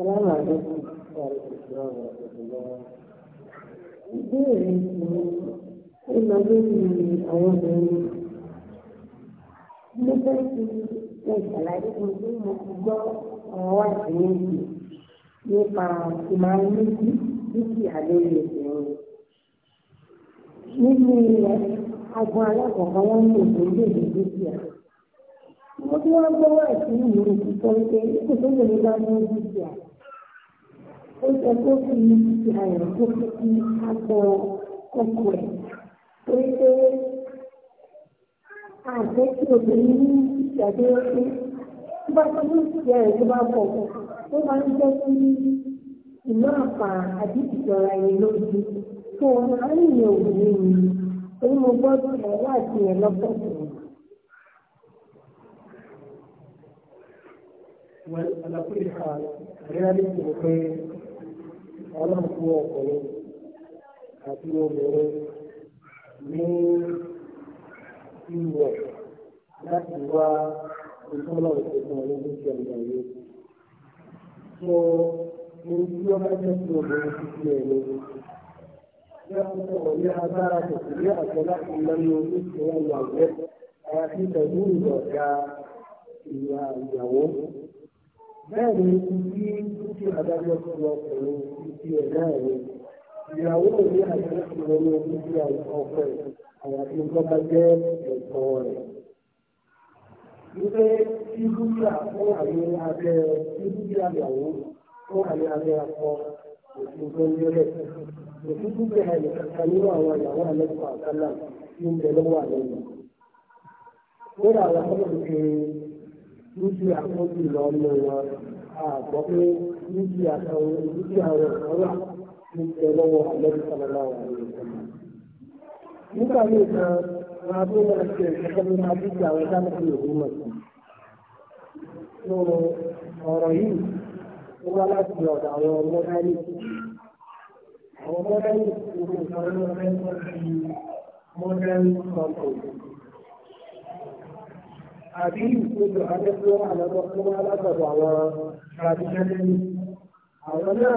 السلام عليكم ورحمة السلام nípa ìmọ̀-ayélujú dúkìá lórí obìnrin nínú ilẹ̀ agbọn alákọ̀ọ́kọ́ wọn ní òṣèlú èdè dúkìá mo tún wá gbọ́ wá ìṣẹ̀yẹ́ mi tó ń kò tó lè ní bá ní dúkìá ó jẹ kó fi ti àyàn fi fi agbọ ọkọ ẹ torí pé àjẹ tí obìnrin ní ìṣàdé ọdún tó bá tó ní ìṣẹ rẹ tó bá pọ̀ ó máa ń jẹ kí ìlú àpà àti ìjọra ẹni lójú tó ọmọ àárín òbí mi èyí mo gbọ́dọ̀ ẹ̀ wá sí ẹ̀ lọ́pọ̀ tó. Well, ala kulli hal, reality ni aláǹkú ọkùnrin àti obìnrin ní ìwọ̀ láti wá ìtọ́lọ̀ ìṣẹ̀kùn ọ̀rẹ́ ní ìṣẹ̀lẹ̀ ayé. So, ohun tí ó bá jẹ́ sí obìnrin ti fi ẹ̀ lórí. Ṣé wọ́n sọ̀rọ̀ ní agbára kò sí ní àjọ láti lẹ́nu oníṣẹ́ ìwà ìwẹ̀ àti pẹ̀lú ìwọ̀dà ìyá ìyàwó? bẹ́ẹ̀ ni ibi tí adájọ́ ti lọ pẹ̀lú ibi ẹ̀ náà ni ìyàwó ní àjọ ti lọ ní ojú sí ọkọ ẹ̀ àyàfi nǹkan bá jẹ́ ẹ̀tọ́ rẹ̀. Wípé irú bí àwọn àmì abẹ́ irú bí àyàwó fún àmì abẹ́ akọ òfin tó ń yẹlẹ̀. Òfin tó bẹ̀rẹ̀ nìkan nínú àwọn àlẹ́kọ̀ọ́ àkálà tí ń bẹ lọ́wọ́ àlẹ́ yìí. Wọ́n dúkìá tó lọ nù wọn àgbọ̀ pé dúkìá kan dúkìá rẹ̀ kan ní ìjẹ àlẹ́bí sọlọ́lá wà ní ìjọba. nígbà míì kan máa tó máa ṣe ìṣẹ́jọ́ ní máa dúkìá rẹ̀ dáná sí òun mọ̀ sí. tó ọ̀rọ̀ yìí ó wá láti ọ̀dọ̀ àwọn mọ́dálì. àwọn mọ́dálì kò kò sọ ní ọ̀rẹ́ mọ́dálì mọ́dálì àbí ìkójọ adẹ́kọ́ àlọ́kọ́ tó wá látọ̀dọ̀ àwọn traditionally àwọn náà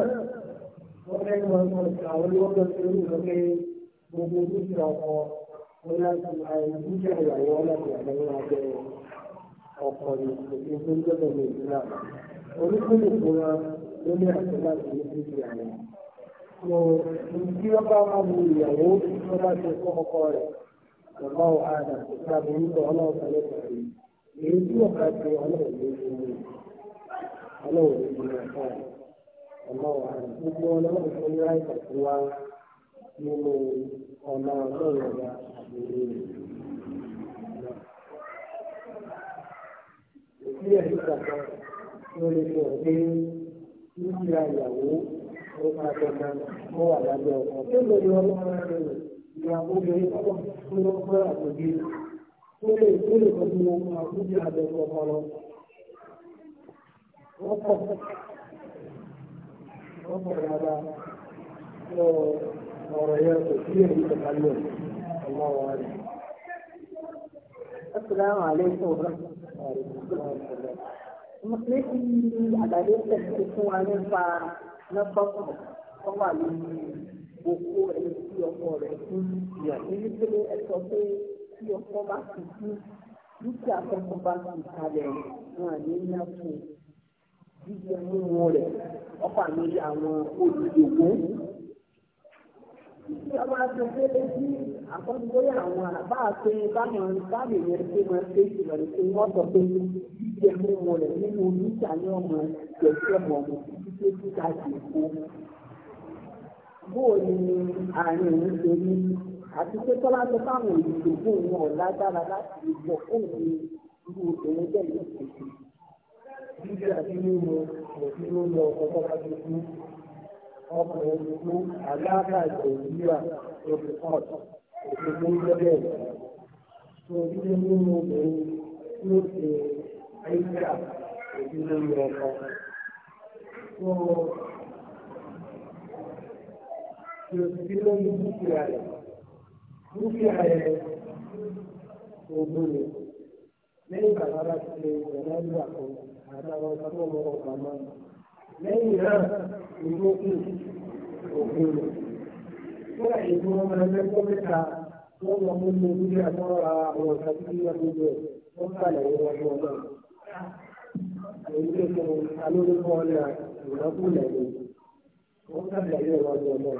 wọ́n fẹ́ẹ́ wọn sọ àwọn olóńgbò tó ń lò pé gbogbo dúkìá ọkọ wọn láti àìdúkìá ìyàwó láti àdáyé abẹ́ ọkọ ní òfin tó ń gbọ́dọ̀ ní ìlú náà oníkùnrin ìfura ló ní àṣẹ láti ní dúkìá rẹ̀ mo tí wọ́n bá mú ìyàwó tó bá ṣe fún ọkọ rẹ̀ ọ̀gá ọ̀hánà ìgbà ń èyí tí wọ́n bá ti ọlọ́run ló fún mi ọlọ́run ló fún mi ọ̀tá rẹ̀ ọlọ́run àrùn gbogbo ọlọ́run tó ní àìsàn lórí ìpínlẹ̀ ọdún ohun àkújẹ àbẹ̀wò ọpọlọ. Wọ́n pọ̀ wọ́n pọ̀ dáadáa lọ ọ̀rọ̀ yẹn kò sí èyí ìtẹ̀kálẹ̀ ọmọ wa rẹ̀. Assalamu alaikum wa rahmatullahi wa barakatuh. Mọ̀sílẹ́sì àgbàdo tẹ̀sí fún wa nípa lọ́pọ̀pọ̀ tó wà lórí oko ẹni tí ọkọ rẹ̀ fún ìyàtí nítorí ẹ̀sọ́ pé tí ọkọ bá ti kú dúkìá tọkọ bá ti kalẹ̀ wọn ní iná fún jíjẹ mímu rẹ̀ ọkọ àmì àwọn olùdókòwò. Títí ọmọ akẹ́kẹ́ lé sí àkọ́dúgbóyè àwọn àbá àti báwọn báwọn èèyàn ṣe máa ṣe ìṣúná rẹ̀ pé wọ́n sọ pé jíjẹ mímu rẹ̀ nínú oníṣà ní ọmọ ìjọsẹ̀ ọmọ ọmọ títí tó ká sí ìkó. Bóòlù ni àárín òun ṣe ní àti pé tọ́lá tó táwọn ìdìbò yẹn ò lágbára láti ìbò fún mi irú obìnrin bẹ́ẹ̀ yóò Bíbí àti mímu òfin ló lọ ọkọ̀ bá ti Ọkùnrin ti kú àgbáàkà lórí port. Sọ mímu dúkìá ẹ̀ ogún ni lẹ́yìn bàbá bá ti ṣe ìrẹ̀lẹ́ ìlú àpò àtàwọn ọ̀gá tó mọ ọ̀gá máa lẹ́yìn náà ìlú kù ogún ni. Fúnra ìlú wọn máa lẹ́kọ́ mẹ́ta wọ́n lọ mú ní orí àtọ́rọ̀ àwọn ọ̀gá tó ti wọ́n kàlẹ̀ wọn wọn náà. Èyí tó ṣe alólùkọ́ ọ̀nà ìrọ́kùnlẹ̀ ni wọ́n kàlẹ̀ wọn wọn náà.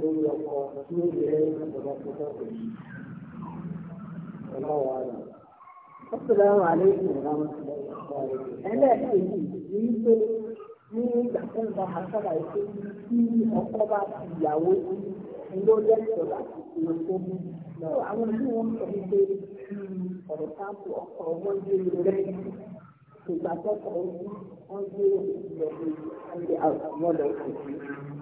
lórí ọkọ tí ó yẹ ọ̀pọ̀lọpọ̀ tọ́kọ̀ yìí. Ọlọ́wọ́ àná. Ọ̀pọ̀lọpọ̀ àlẹ́ ìgbìmọ̀ náà ẹlẹ́ẹ̀kejì ní pé ní ìgbà tó ń bá àṣàlà ìpè tí ọkọ bá ti ìyàwó ló lẹ́sọ̀ọ́ láti lọ tó mú. Àwọn ìlú wọn sọ wípé ọ̀rọ̀ táàbù ọkọ̀ wọn gbé rẹ̀ ìgbà tó kọ̀ wọ́n gbé ìlọ́gbé àti àwọn ọ̀dọ́ òkè.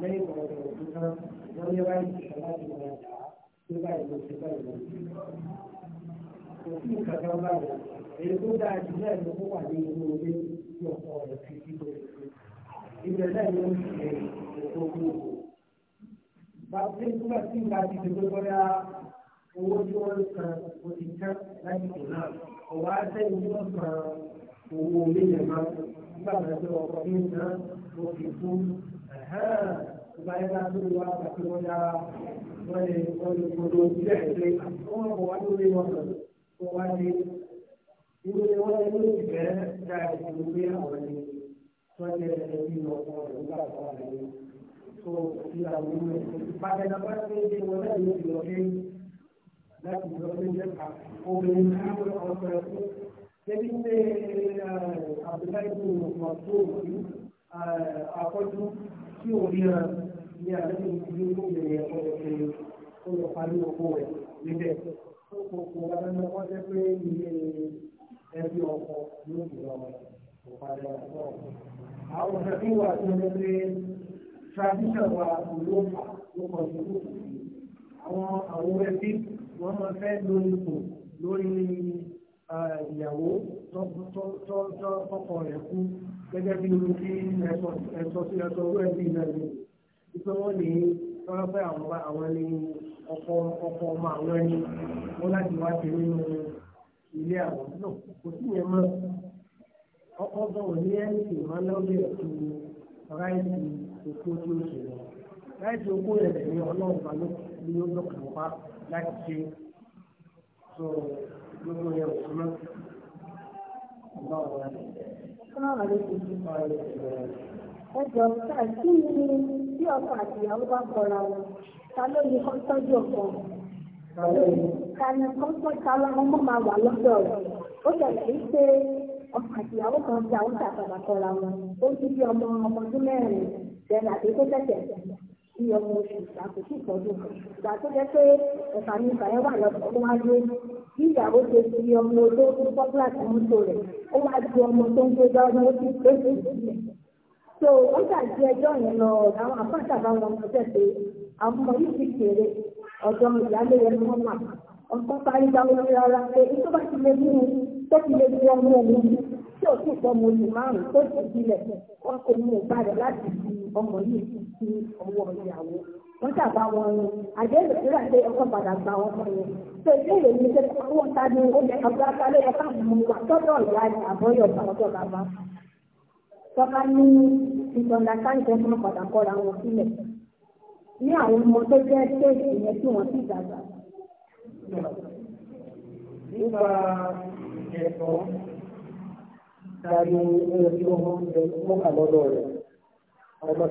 lẹ́yìn ọ̀rọ̀ ọ̀dún náà wọ́n ní wáyé ìṣẹ̀lẹ̀ láti wọ̀ ẹ̀dá tó báyìí ló ti báyìí lọ. kò sí nǹkan kan báyìí èyí tó dáa jù náà ló kó wà ní inú ilé tí ọkọ rẹ̀ fi sí tó ti ibẹ̀ náà ló ń ṣe ètò gbogbo. bàbá ìgbà tí ìgbà ti ti gbogbo ya owó tí wọ́n san o ti tán láti tò náà ọ̀wá sẹ́yìn tí wọ́n san owó ilé yẹn máa nígbà tó ọkọ̀ yìí náà ó fi fún ìgbà yẹn bá tó wá àti wọn yára wọn lè wọn lè gbọdọ sílẹ̀ ìpè wọn kò wá lórí wọn kò wá ní irú ni wọn ní ìfẹ́ dá ìlú pé àwọn ni wọn jẹ ẹbí lọ fún ọdún nígbà tó wà lẹ́yìn tó ìyàwó rẹ pàtẹ́lá bá tó ń gbé wọn náà ló ti lọ sí láti lọ sí ìjẹta obìnrin tí wọn ọ̀sẹ̀ fún débi pé àbúláyé tó ń mọ̀ tó ń mọ̀ àkọ́jú eh, tí ò ríran ní àlejò ìdílé gómìnà yẹn ọ̀rọ̀ pé ó lọ parí oko rẹ̀ níbẹ̀. ó kò kò wọn ní wọ́n jẹ́ pé ilé ẹbí ọkọ ló ti lọ kò parí ọkọ. àwọn ọ̀sẹ̀ tí wà tó lọ pé tradition wa kò ló fà ló kọ̀ sí kò sí. àwọn àwọn ẹbí wọ́n máa fẹ́ lórí ipò lórí eh, ìyàwó tọkọ rẹ̀ kú gẹ́gẹ́ bí ohun tí ẹ̀sọ́ sí ẹ̀sọ́ owó ẹ̀bí náà ni ìfẹ́ wọn ní wọ́n fẹ́ àwọn àwọn ní ọkọ ọkọ ọmọ àwọn ẹni wọn láti wá sí nínú ilé àwọn náà kò sí yẹn mọ́ ọkọ gan ò ní ẹni tí ìmọ̀ lọ́dẹ̀ ètò ráìsì òkú tí ó ṣe lọ láìsí okó rẹ̀ ní ọlọ́run bá ló ní ó lọ́kàn wá láti ṣe so gbogbo yẹn ò sí mọ́ ọba ọ̀la. Assalamu alaikum. Ẹ jọ sáà kí àti ìyàwó bá bọ̀ra wọn, ta ló ní kọ́ tọ́jú ọkọ? Ta ni kọ́ tọ́jú ọmọ máa wà lọ́dọ̀ rẹ̀? Ó bẹ̀rẹ̀ sí pé ọkọ àti ìyàwó kan ti àwọn tàbàbà kọra wọn. Ó ti di ọmọ ọmọ ọdún mẹ́rin, bẹ̀rẹ̀ àti tó tẹ̀tẹ̀ bí ọmọ oṣù ìgbà kò sí Ìgbà tó jẹ́ pé ẹ̀fà ni ìgbà yẹn wà lọ́dọ̀ bí ìyàwó ṣe fi ọmọ olóògùn pọ́pùlà tó ń tó rẹ̀ ó wá ju ọmọ tó ń gbé lọ́rùn ó ti pé sí ìsìlẹ̀. so ó ṣàjẹ́ ẹjọ́ yẹn lọ àwọn àpáta bá wọn ọjọ́ pé àwọn ọmọ yìí ti kéré ọ̀dọ́ ìyáálé yẹn ni wọ́n mà ọ̀pọ̀ parí dáwọ́ rárá pé tó bá ti lè mú un tó ti lè fi ọmọ òun tí ò sì fọmọ olè márùn tó sì sílẹ̀ wọn kò mú un padà láti fi ọmọ yìí sí ọwọ́ ìyàwó wọ́n sábà wọn ni àdéhùn ìrà ṣe ọkọ̀ padà gba wọn fún yẹn. tó ilé ìwé ní sẹ́kọ̀ owó ta ni ó lè ọgbà ẹ̀ka mú wa tọ́jọ́ ìyá ni àbọ̀yọ̀ ọ̀dọ́ bàbá. tọ́ka ní ìtọ́ndàkáǹtẹ̀ máa padà kọ́ra wọn sílẹ̀ ní àwọn ọmọ tó jẹ́ ṣéèkì yẹn tí wọ́n sì dàgbà. nípa ẹ̀kọ́ ta ni ó wọ́n mọ́ àlọ́dọ̀ rẹ̀ ọmọ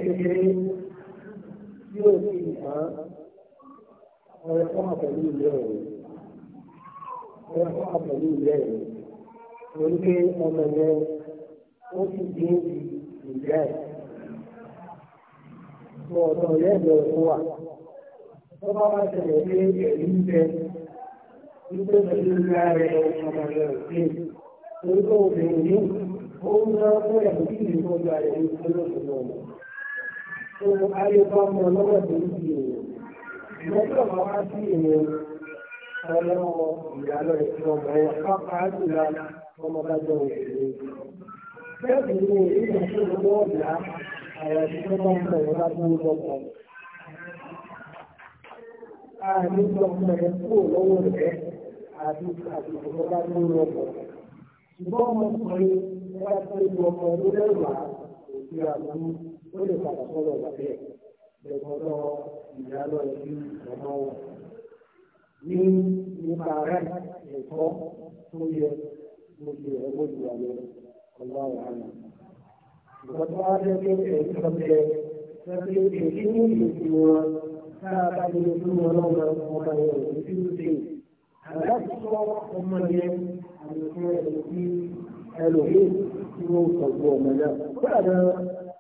yóò ní ìgbà ọ̀rẹ́ fọ́nà pẹ̀lú ilé ọ̀rẹ́ ọ̀rẹ́ fọ́nà pẹ̀lú ilé ọ̀rẹ́ torí pé ọmọ yẹn ó sì dé ìgbà ẹ̀ sọ ọ̀dọ̀ ọ̀rẹ́ ẹ̀jọ̀ ẹ̀kọ́ wà tó bá wá ṣẹlẹ̀ pé ẹ̀rí ń bẹ wípé pẹ̀lú ìyá rẹ̀ ọmọ rẹ̀ ò torí pé obìnrin yìí ó ń lọ fún ẹ̀mí kí ìlú tó gba ẹ̀rí tó lọ́sọ̀rọ̀ ọmọ tó ayé bá mọ lọ́wọ́ tó ń di jùlọ ọmọ bá jọ òṣèlú bẹ́ẹ̀ sì ni èyí tó ń lọ́wọ́ bìá àwọn ìṣẹ́ bá ń bọ̀ bá tó ń lọ́pọ̀ àmì ìjọba ẹ̀ kúrò lọ́wọ́ rẹ̀ àti àti ìjọba bá tó ń lọ́pọ̀ ṣùgbọ́n ọmọkùnrin wọ́n tó ń lọ́pọ̀ lórí ẹ̀wà òṣèlú ó lè padà sọ́dọ̀ bàbá ẹ̀ lọ́dọ̀ ìyálọ́ ẹbí ọmọ wọn. ní nípa rẹ̀ ẹ̀kọ́ tó yẹ mo lè ẹgbẹ́ ìwà lọ ọlá ọ̀hánà. ìgbà tó wá jẹ́ pé ẹ̀rí kan bẹ pé èyí ní ìlú wọn tá bá lè fún wọn lọ́wọ́ ọba ẹ̀ òní tí ó ṣe. àgbà tó sọ ọmọ yẹn àlùfẹ́ ẹ̀rọ ẹlòmíì tí wọ́n sọ̀rọ̀ ọmọ náà.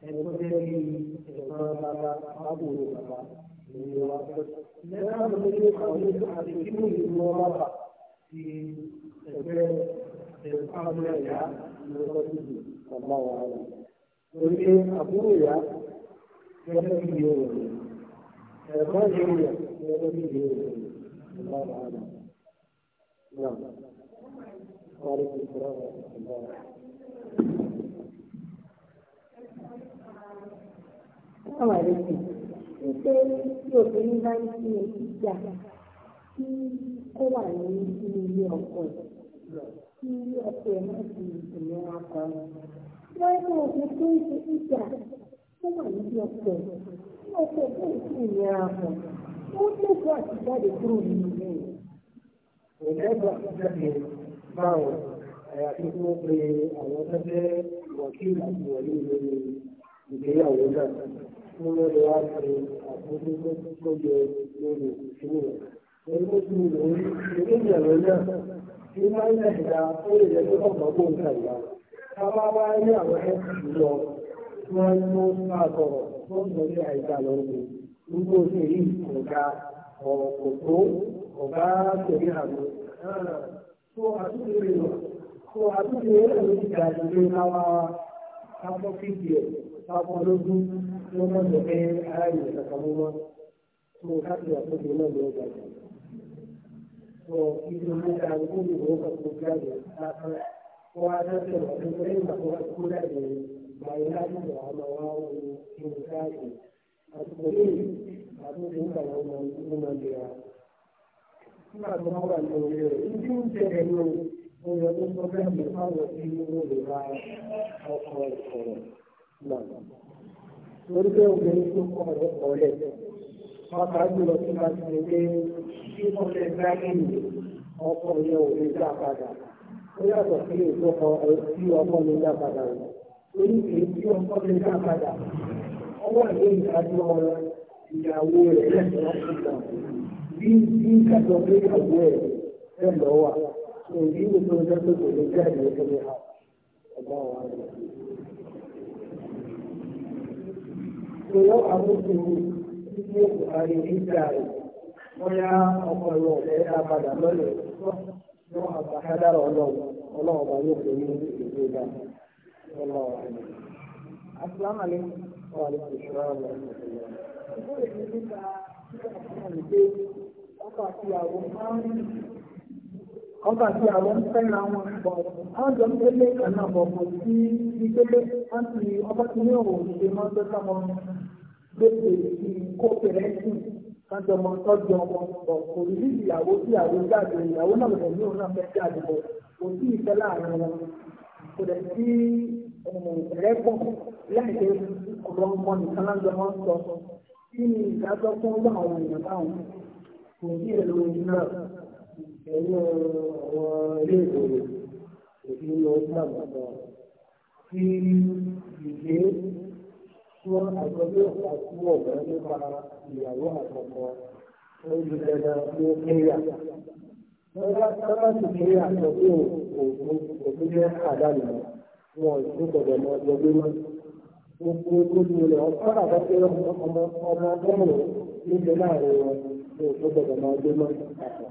ẹni àbúrò bàbá ìlú wa. Lẹ́yìn àwọn ẹgbẹ́ àbúrò ìyá gẹ́gẹ́ bí ìyó rẹ̀. Ẹ̀gbọ́n ìyó rẹ̀ gẹ́gẹ́ bí ìyó rẹ̀ ọmọ rẹ sì wípé tí obìnrin bá ń fi ojú kí ó wà ní ilé ọkọ ẹ kí ọkọ ẹ má fi ìnira kan wọn ní obìnrin tó ń ìjà tó wà níbi ọkọ ẹ kí ọkọ ẹ bẹ́ẹ̀ sì ìnira kan ó lẹ́gbọ́ àti jáde kúrò nínú ilé rẹ̀. ìlẹ́gbọ́ àti jáde báwo àyàfi kí wọ́n pe àwọn tẹ́tẹ́ wọ̀kí àti wọ̀lú ìgbéyàwó náà. mo lọ lọ wá ṣe àbójútó tó yẹ lórí ìṣúná rẹ̀. Èyí tó ti lò ó ní ìyàwó náà ní máa ń yàtìdá ó lè jẹ́ pé ọ̀pọ̀ ọgbọ́n wọ́n má jẹ́ pé ara rẹ̀ kàkà mú mọ́ mo káàdì àkójọ náà ló gbà jù. Sọ ìlú mi ta ló ń lò ó kó jáde lásán. Wọ́n á dáṣẹ́ wà ní pé nígbà tó wá kó jáde máa ń láti lọ àmọ́ wá wo ìlú káàdì. Àtùkò yìí àtúnṣe nígbà wọn máa ń ní máa lè ra. Nígbà tó wá wà ní orí rẹ̀, ibi ń tẹ̀lé ní mo yọ ní pọ́blẹ́mù fáwọn tí mo lè ra ọkọ̀ ìkọ̀rọ̀ náà torí pé obìnrin tó kọ́ ọ̀rọ̀ ọ̀rẹ́ wọn kà á jùlọ tó bá ti lè kí wọ́n lè dá ìlú ọkọ yẹn ò lè dá padà ó yàtọ̀ sí ìtọ́kọ tí ọkọ lè dá padà rẹ̀ torí pé tí ọkọ lè dá padà ọwọ́ ìwé ìdájọ́ ìyàwó rẹ̀ lẹ́sìn ọkùnrin bí bí ìdájọ́ pé ìyàwó rẹ̀ lẹ́sìn lọ́wọ́ àti òbí ìwé tó ń jẹ́ pé kò lè jáde ẹgbẹ́ ha ọgbà wa rẹ̀. tó yọ àwọn òṣèlú tí yóò bóyá ọpọlọ rẹ̀ á padà lọ́lẹ̀ yọ àbáhádára ọlọ́run yóò pè ní ìlú ìdá ọlọ́run. Asalaamu ọba tí àwọn ń fẹ́ra wọn bọ̀ wọ́n jọ ń gbélé ẹ̀nà bọ̀bọ̀ sí ìgbélé wọ́n ti ọba tí ní òun ṣe máa ń tọ́jú ọmọ gbèsè sí kópẹ̀rẹ́sì kájọ ọmọ tọ́jú ọmọ bọ̀ kò rí ìyàwó tí ìyàwó jáde ìyàwó náà lọ́dọ̀ ní òun náà fẹ́ jáde bọ̀ kò sí ìfẹ́ láàrin wọn kò dẹ̀ sí ẹ̀rẹ́pọ̀ láìpẹ́ ọ̀rọ̀ ọmọ nìkan lájọ máa ń sọ kí ni ìdájọ́ fún ẹnu àwọn ilé ìgbòho òbí islam àgbà tí ìgbé tí wọn àgbọdọ àti ọgbà nípa ìyàwó àkọ́kọ́ wọn ju dandan ní kenya lọ́wọ́ sì kenya sọ pé òkú jẹ́ àdánù wọn ìlú gbọdọ̀ mọ ọgbẹ́ mọ́ gbogbo gbogbo rẹ̀ ọ̀pọ̀ àbájẹ́ ọmọ ọmọ ọmọ ọmọ nílẹ̀ láàrin wọn ní òkú gbọdọ̀ mọ ọgbẹ́ mọ́ àpapọ̀.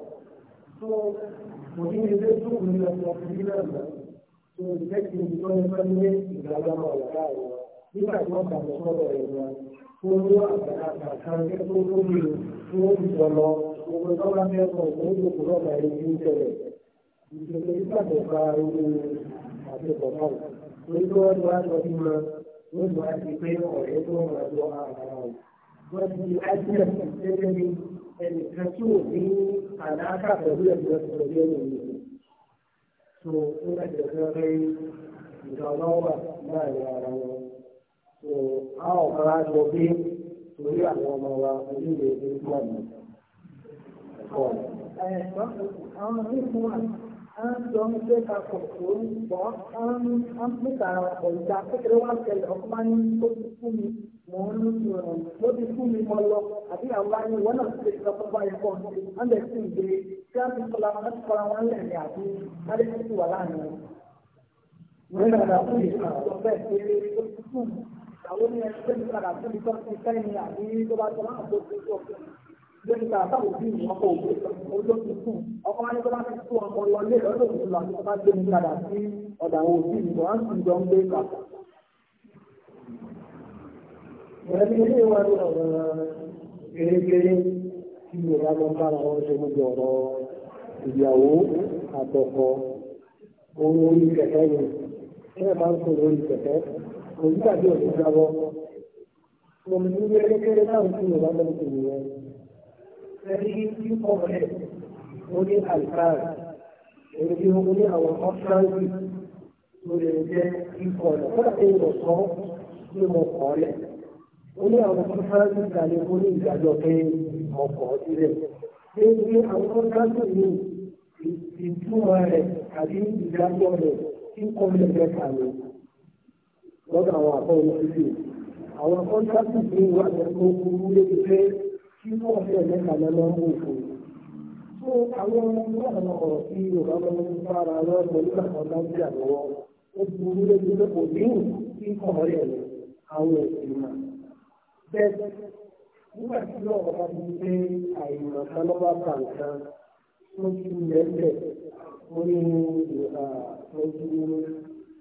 So, mutum da zai tuku ne da tsofi nan da so da kake da wani fanni da gaba da kawo ni ba ko ba da so da yawa ko ruwa da ka ka ne ko ko ni ko ni da lo ko ko da ba ne ko ko ko ko da yi ni da ne ni da ni ba da ba ni a ce ko ba ko ni ko da ba ni ma ko ba ki ko ko ko ma ẹnìkan tí ò ní àdáká pẹ̀lú ẹ̀dùn ẹ̀sìn pẹ̀lú ẹ̀yìn ìlú. So ó lẹ́jọ̀ fẹ́ pé ìgbà ọlọ́wà láàrin ara wọn. So a ò bára jọ bí torí àwọn ọmọ wa orílẹ̀-èdè Islam. Ẹ̀kọ́. Ẹ̀kọ́. Àwọn ọmọ mi fún wa à ń jọ ń gbé papọ̀ tó ń pọ̀ à ń pèsè àpọ̀ ìjà kékeré wá ṣẹlẹ̀ ọkùnrin máa ń tó ti fún mi mò ń ràn ló ti fún mi mọ lọ àbí àwọn ayé wọn náà ti ṣe ọkọ̀ báyìí pọ̀ ní ọ̀dẹ̀ sì ń gbé kí á ti kọ́ra wọn ti kọ́ra wọn lẹ́yìn àbí adé tó ti wà láàrin wọn. Ìwé ìrànlá fún ìgbà tó bẹ́ẹ̀ pé ó ti fún mi. Àwọn ènìyàn ti tẹ́lẹ̀ padà fún mi tó ti fẹ́ ni àbí tó bá tọ́ lórí ká àtàwọn òbí mi ọkọ òbí olóòtú fún ọkọ wọn ní bọ́lá ti tún ọkọ wọlé lọ́dọ̀ òbí lọ àti bá gbé mi padà sí ọ̀dà àwọn òbí mi wọ́n sì jọ ń gbé kà. Ìrẹ́lẹ́ ilé wa ní ọ̀rọ̀ kérékéré tí mi ò bá lọ bára wọn ṣe gbogbo ọ̀rọ̀ ìyàwó àtọ̀kọ ohun orí kẹ̀kẹ́ yẹn. Ṣé máa ń sọ lórí kẹ̀kẹ́? Òyìnbá bí òṣìṣẹ́ wọ. Mo ní ilé kérékéré náà ń fi ìwà lọ́dún ìyẹn ẹni kíkọ́ rẹ̀ ó ní àìkáàrà èyí tí ó ní àwọn ọ́fíráǹsì tó lè jẹ́ kíkọ́ rẹ̀ kọ́dà pé mo sọ pé mo kọ́ rẹ̀ ó ní àwọn ọ́fíráǹsì tàbí ó ní ìdájọ́ pé mo kọ́ sílẹ̀ ṣé ní àwọn ọ́fíráǹsì ní ìtumọ̀ rẹ̀ tàbí ìdájọ́ rẹ̀ kíkọ́ rẹ̀ mẹ́ta ni lọ́dọ̀ àwọn àbọ̀ òṣìṣẹ́ àwọn ọ́fíráǹsì ní ìwádìí tó kúrú lé tí wọ́n fi ẹ̀mí mú òfò. Tó àwọn ọmọ ọmọ ọ̀rọ̀ tí Yorùbá lọ ń fara lọ pẹ̀lú àwọn Nàìjíríà lọ́wọ́. Ó burú lójú pé kò ní kí kàn rẹ̀ àwọn ẹ̀sìn mà. Bẹ́ẹ̀ nígbà tí lọ́wọ́ bá ti pé àìmọ̀ kan lọ́wọ́ bá nǹkan tó ti lẹ́sẹ̀ ó ojú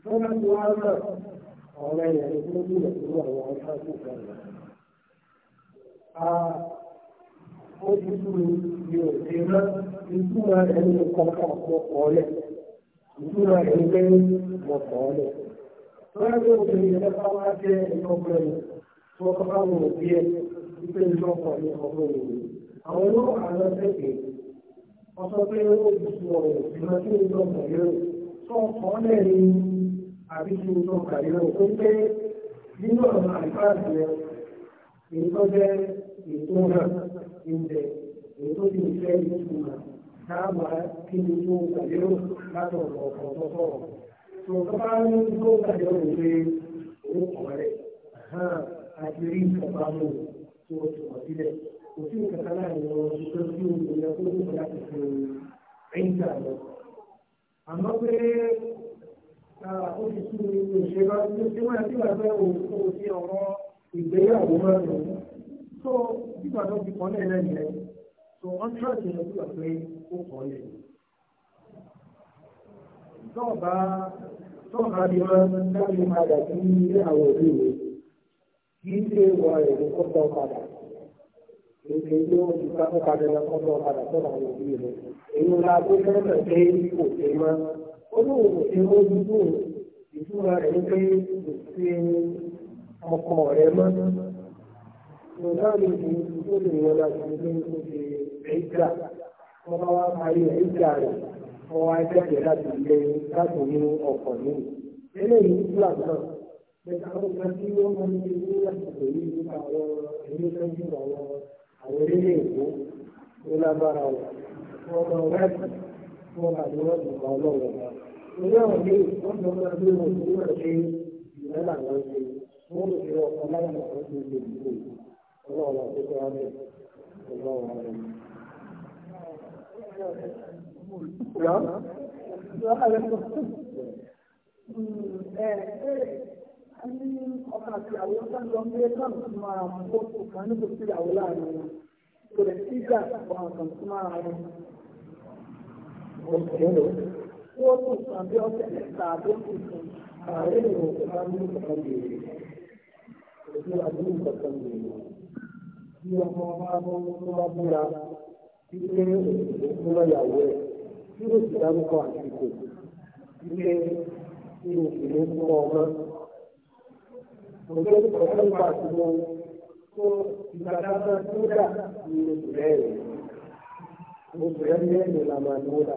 tó bá ti wá náà ọ̀rẹ́ rẹ̀ ló gbúdọ̀ sí àwọn ọ̀ṣọ́ àti ìgbà rẹ̀ ó ti tú mi ò ṣe ìtura rẹ̀ ní kankan mọ́ ìtura rẹ̀ ní lẹ́yìn mọ́ lọ́wọ́ tó ń bẹ̀rẹ̀ lọ́pàá wá jẹ́ ìtọ́gbọ́n mi tí wọ́n kọ́kọ́ wò bí ẹ ìpè ìtọ́gbọ́n mi ọ̀gbọ́n mi. àwọn olóòwò àwọn ẹgbẹ́ wọ́n pé ó ti tu ọ̀rọ̀ ìmọ̀ tí ìtọ́gbọ́n yóò tó ń kọ́ lẹ̀ àbí tí ìtọ́gbọ́n ń pé nínú ọ̀nà àìpáàdì rẹ̀ èyí tó jẹ́ ètò ń bẹ èyí tó ti fẹ́ ní ìtumọ̀ káàmà kí ni tó gbàlérò látọ̀rọ̀ ọ̀kan tó sọ̀rọ̀ tó tó bá ní tó gbàlérò pé òun kọ̀ rẹ̀ àti rí ìjọba mú tó tùmọ̀ sílẹ̀ kò sí ìkàkà láàrin wọn tó tí ó ń yẹ kó tó kọjá tó fi ẹ̀yìnkà lọ. àmọ́ pé ó ti tún ní ìṣèlú tí wọ́n ti wà bẹ́ẹ̀ so nígbà tó ti kọ́lé rẹ̀ so wọ́n tíráàtì yẹn gbúdọ̀ pé ó kọ́lé. tọ́ọ̀bá tọ́ọ̀bá bí wọ́n dábìí padà sí ilé àwọn òbí rẹ̀ kì í ṣe wà èrò kọ́tọ̀ padà èdè tí ó ti ká padà lọ kọ́tọ̀ padà tọ́ọ̀bá àwọn òbí rẹ̀ èyí la tó fẹ́rẹ̀ pé kò mo náà lè fi tó lè wọ́n wá parí ẹ̀ẹ́dà rẹ̀ wọ́n wá jẹ́jẹ́ láti ilé láti ní ọkọ̀ ní. eléyìí ní flag náà bẹ́ẹ̀ àwọn ọmọ tí wọ́n máa ń ṣe ní àsìkò yìí nípa àwọn ẹ̀mí sẹ́yìn àwọn àwọn orílẹ̀ èkó tó lágbára wọn. wọ́n máa wáyé wọ́n máa ní wọ́n ti pa ọlọ́wọ́ wọn. ìwé ọ̀rọ̀ yìí wọ́n ti máa gbé wọn sí ìwé ọ̀rọ̀ ṣe ìrẹ́lẹ̀ àwọn ṣe wọ́n lè fi ọkọ̀ láyà الله لا تدعى عليه الله أعلم نعم tí ọmọ bá tó bá búra wípé òṣèlú lọ́yàwó ẹ̀ tí ó sì dárúkọ àsìkò wípé tí òṣèlú fún ọmọ. Òjò ìkọ̀ tó ń bá àtúnwò tó ìgbàdájọ́ tó dà ní oṣù rẹ̀. Oṣù rẹ̀ ní ẹ̀yìn la máa lówó dà.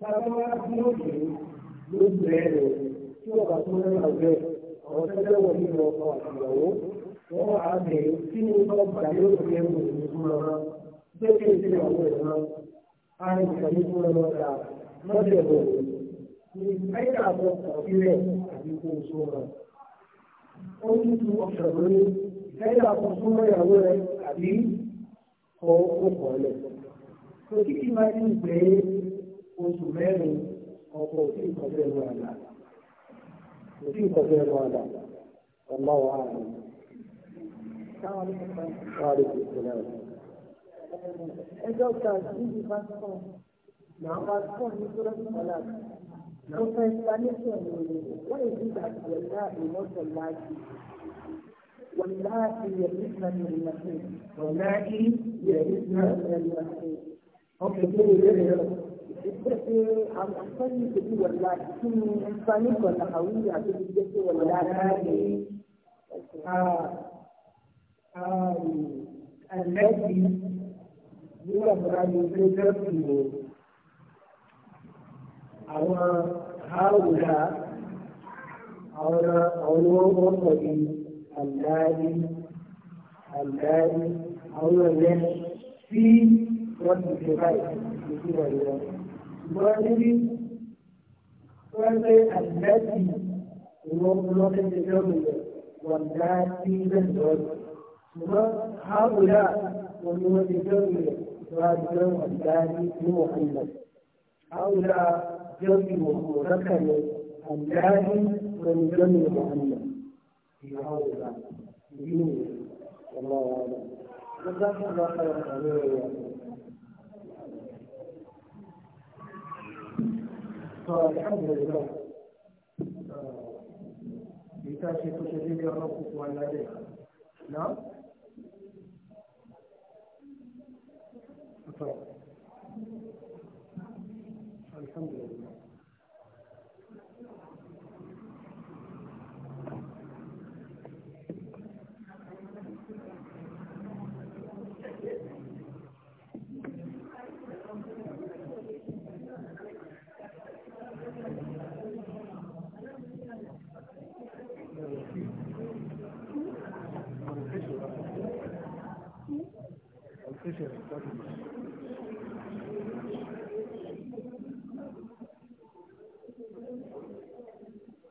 Bàbá wa ó dé lóṣù rẹ̀ rẹ̀ tí ọba tó ń rẹ̀ ọ̀rẹ́ tẹ́lẹ̀ wọ̀ nínú ọkọ̀ àtìyàwó. wọ́n á bèrè kí ni wọ́n gbà lórí ẹ̀rọ ìlú fún ọ gbé kí ni ìyàwó rẹ̀ lọ á ní ìkànnì fún ọ lọ́dà lọ́dẹ̀ ní kó o sọ ọ. ó ní tu ọ̀sẹ̀ súnmọ́ ìyàwó àbí ọkọ̀ kí máa ń gbé oṣù mẹ́rin ọkọ̀ ìkọ̀jẹ́ àdá ìkọ̀jẹ́ àdá Wàhálà ìṣẹ̀lẹ̀ rẹ̀. Ẹjọ́ ta níbi pásítọ̀, pásítọ̀ ní tó lọ́sùn ọ̀la. Mo fẹ́ explanation ní òye, wọ́n lè dígbà ìwọ̀lá ìmọ̀tọ̀ láti. واللاتي يئسن من المسيح واللاتي يئسن من المسيح اوكي عم احتاج تقول والله انسانك ولا هويه عشان تجي والله اه التي يمرد بذكره أو هؤلاء علوم اللائي اللائي أو الذي في رد الجبال بصورة التي والتي والتي والتي هؤلاء والممثلون رادوا والداني لمحمد هؤلاء جمعوا ذكر الداني ومن محمد في هؤلاء دين الله اعلم الله خيرا فالحمد طيب، لله بتاشي الرب سبحانه وتعالى نعم طيب الحمد لله Thank you.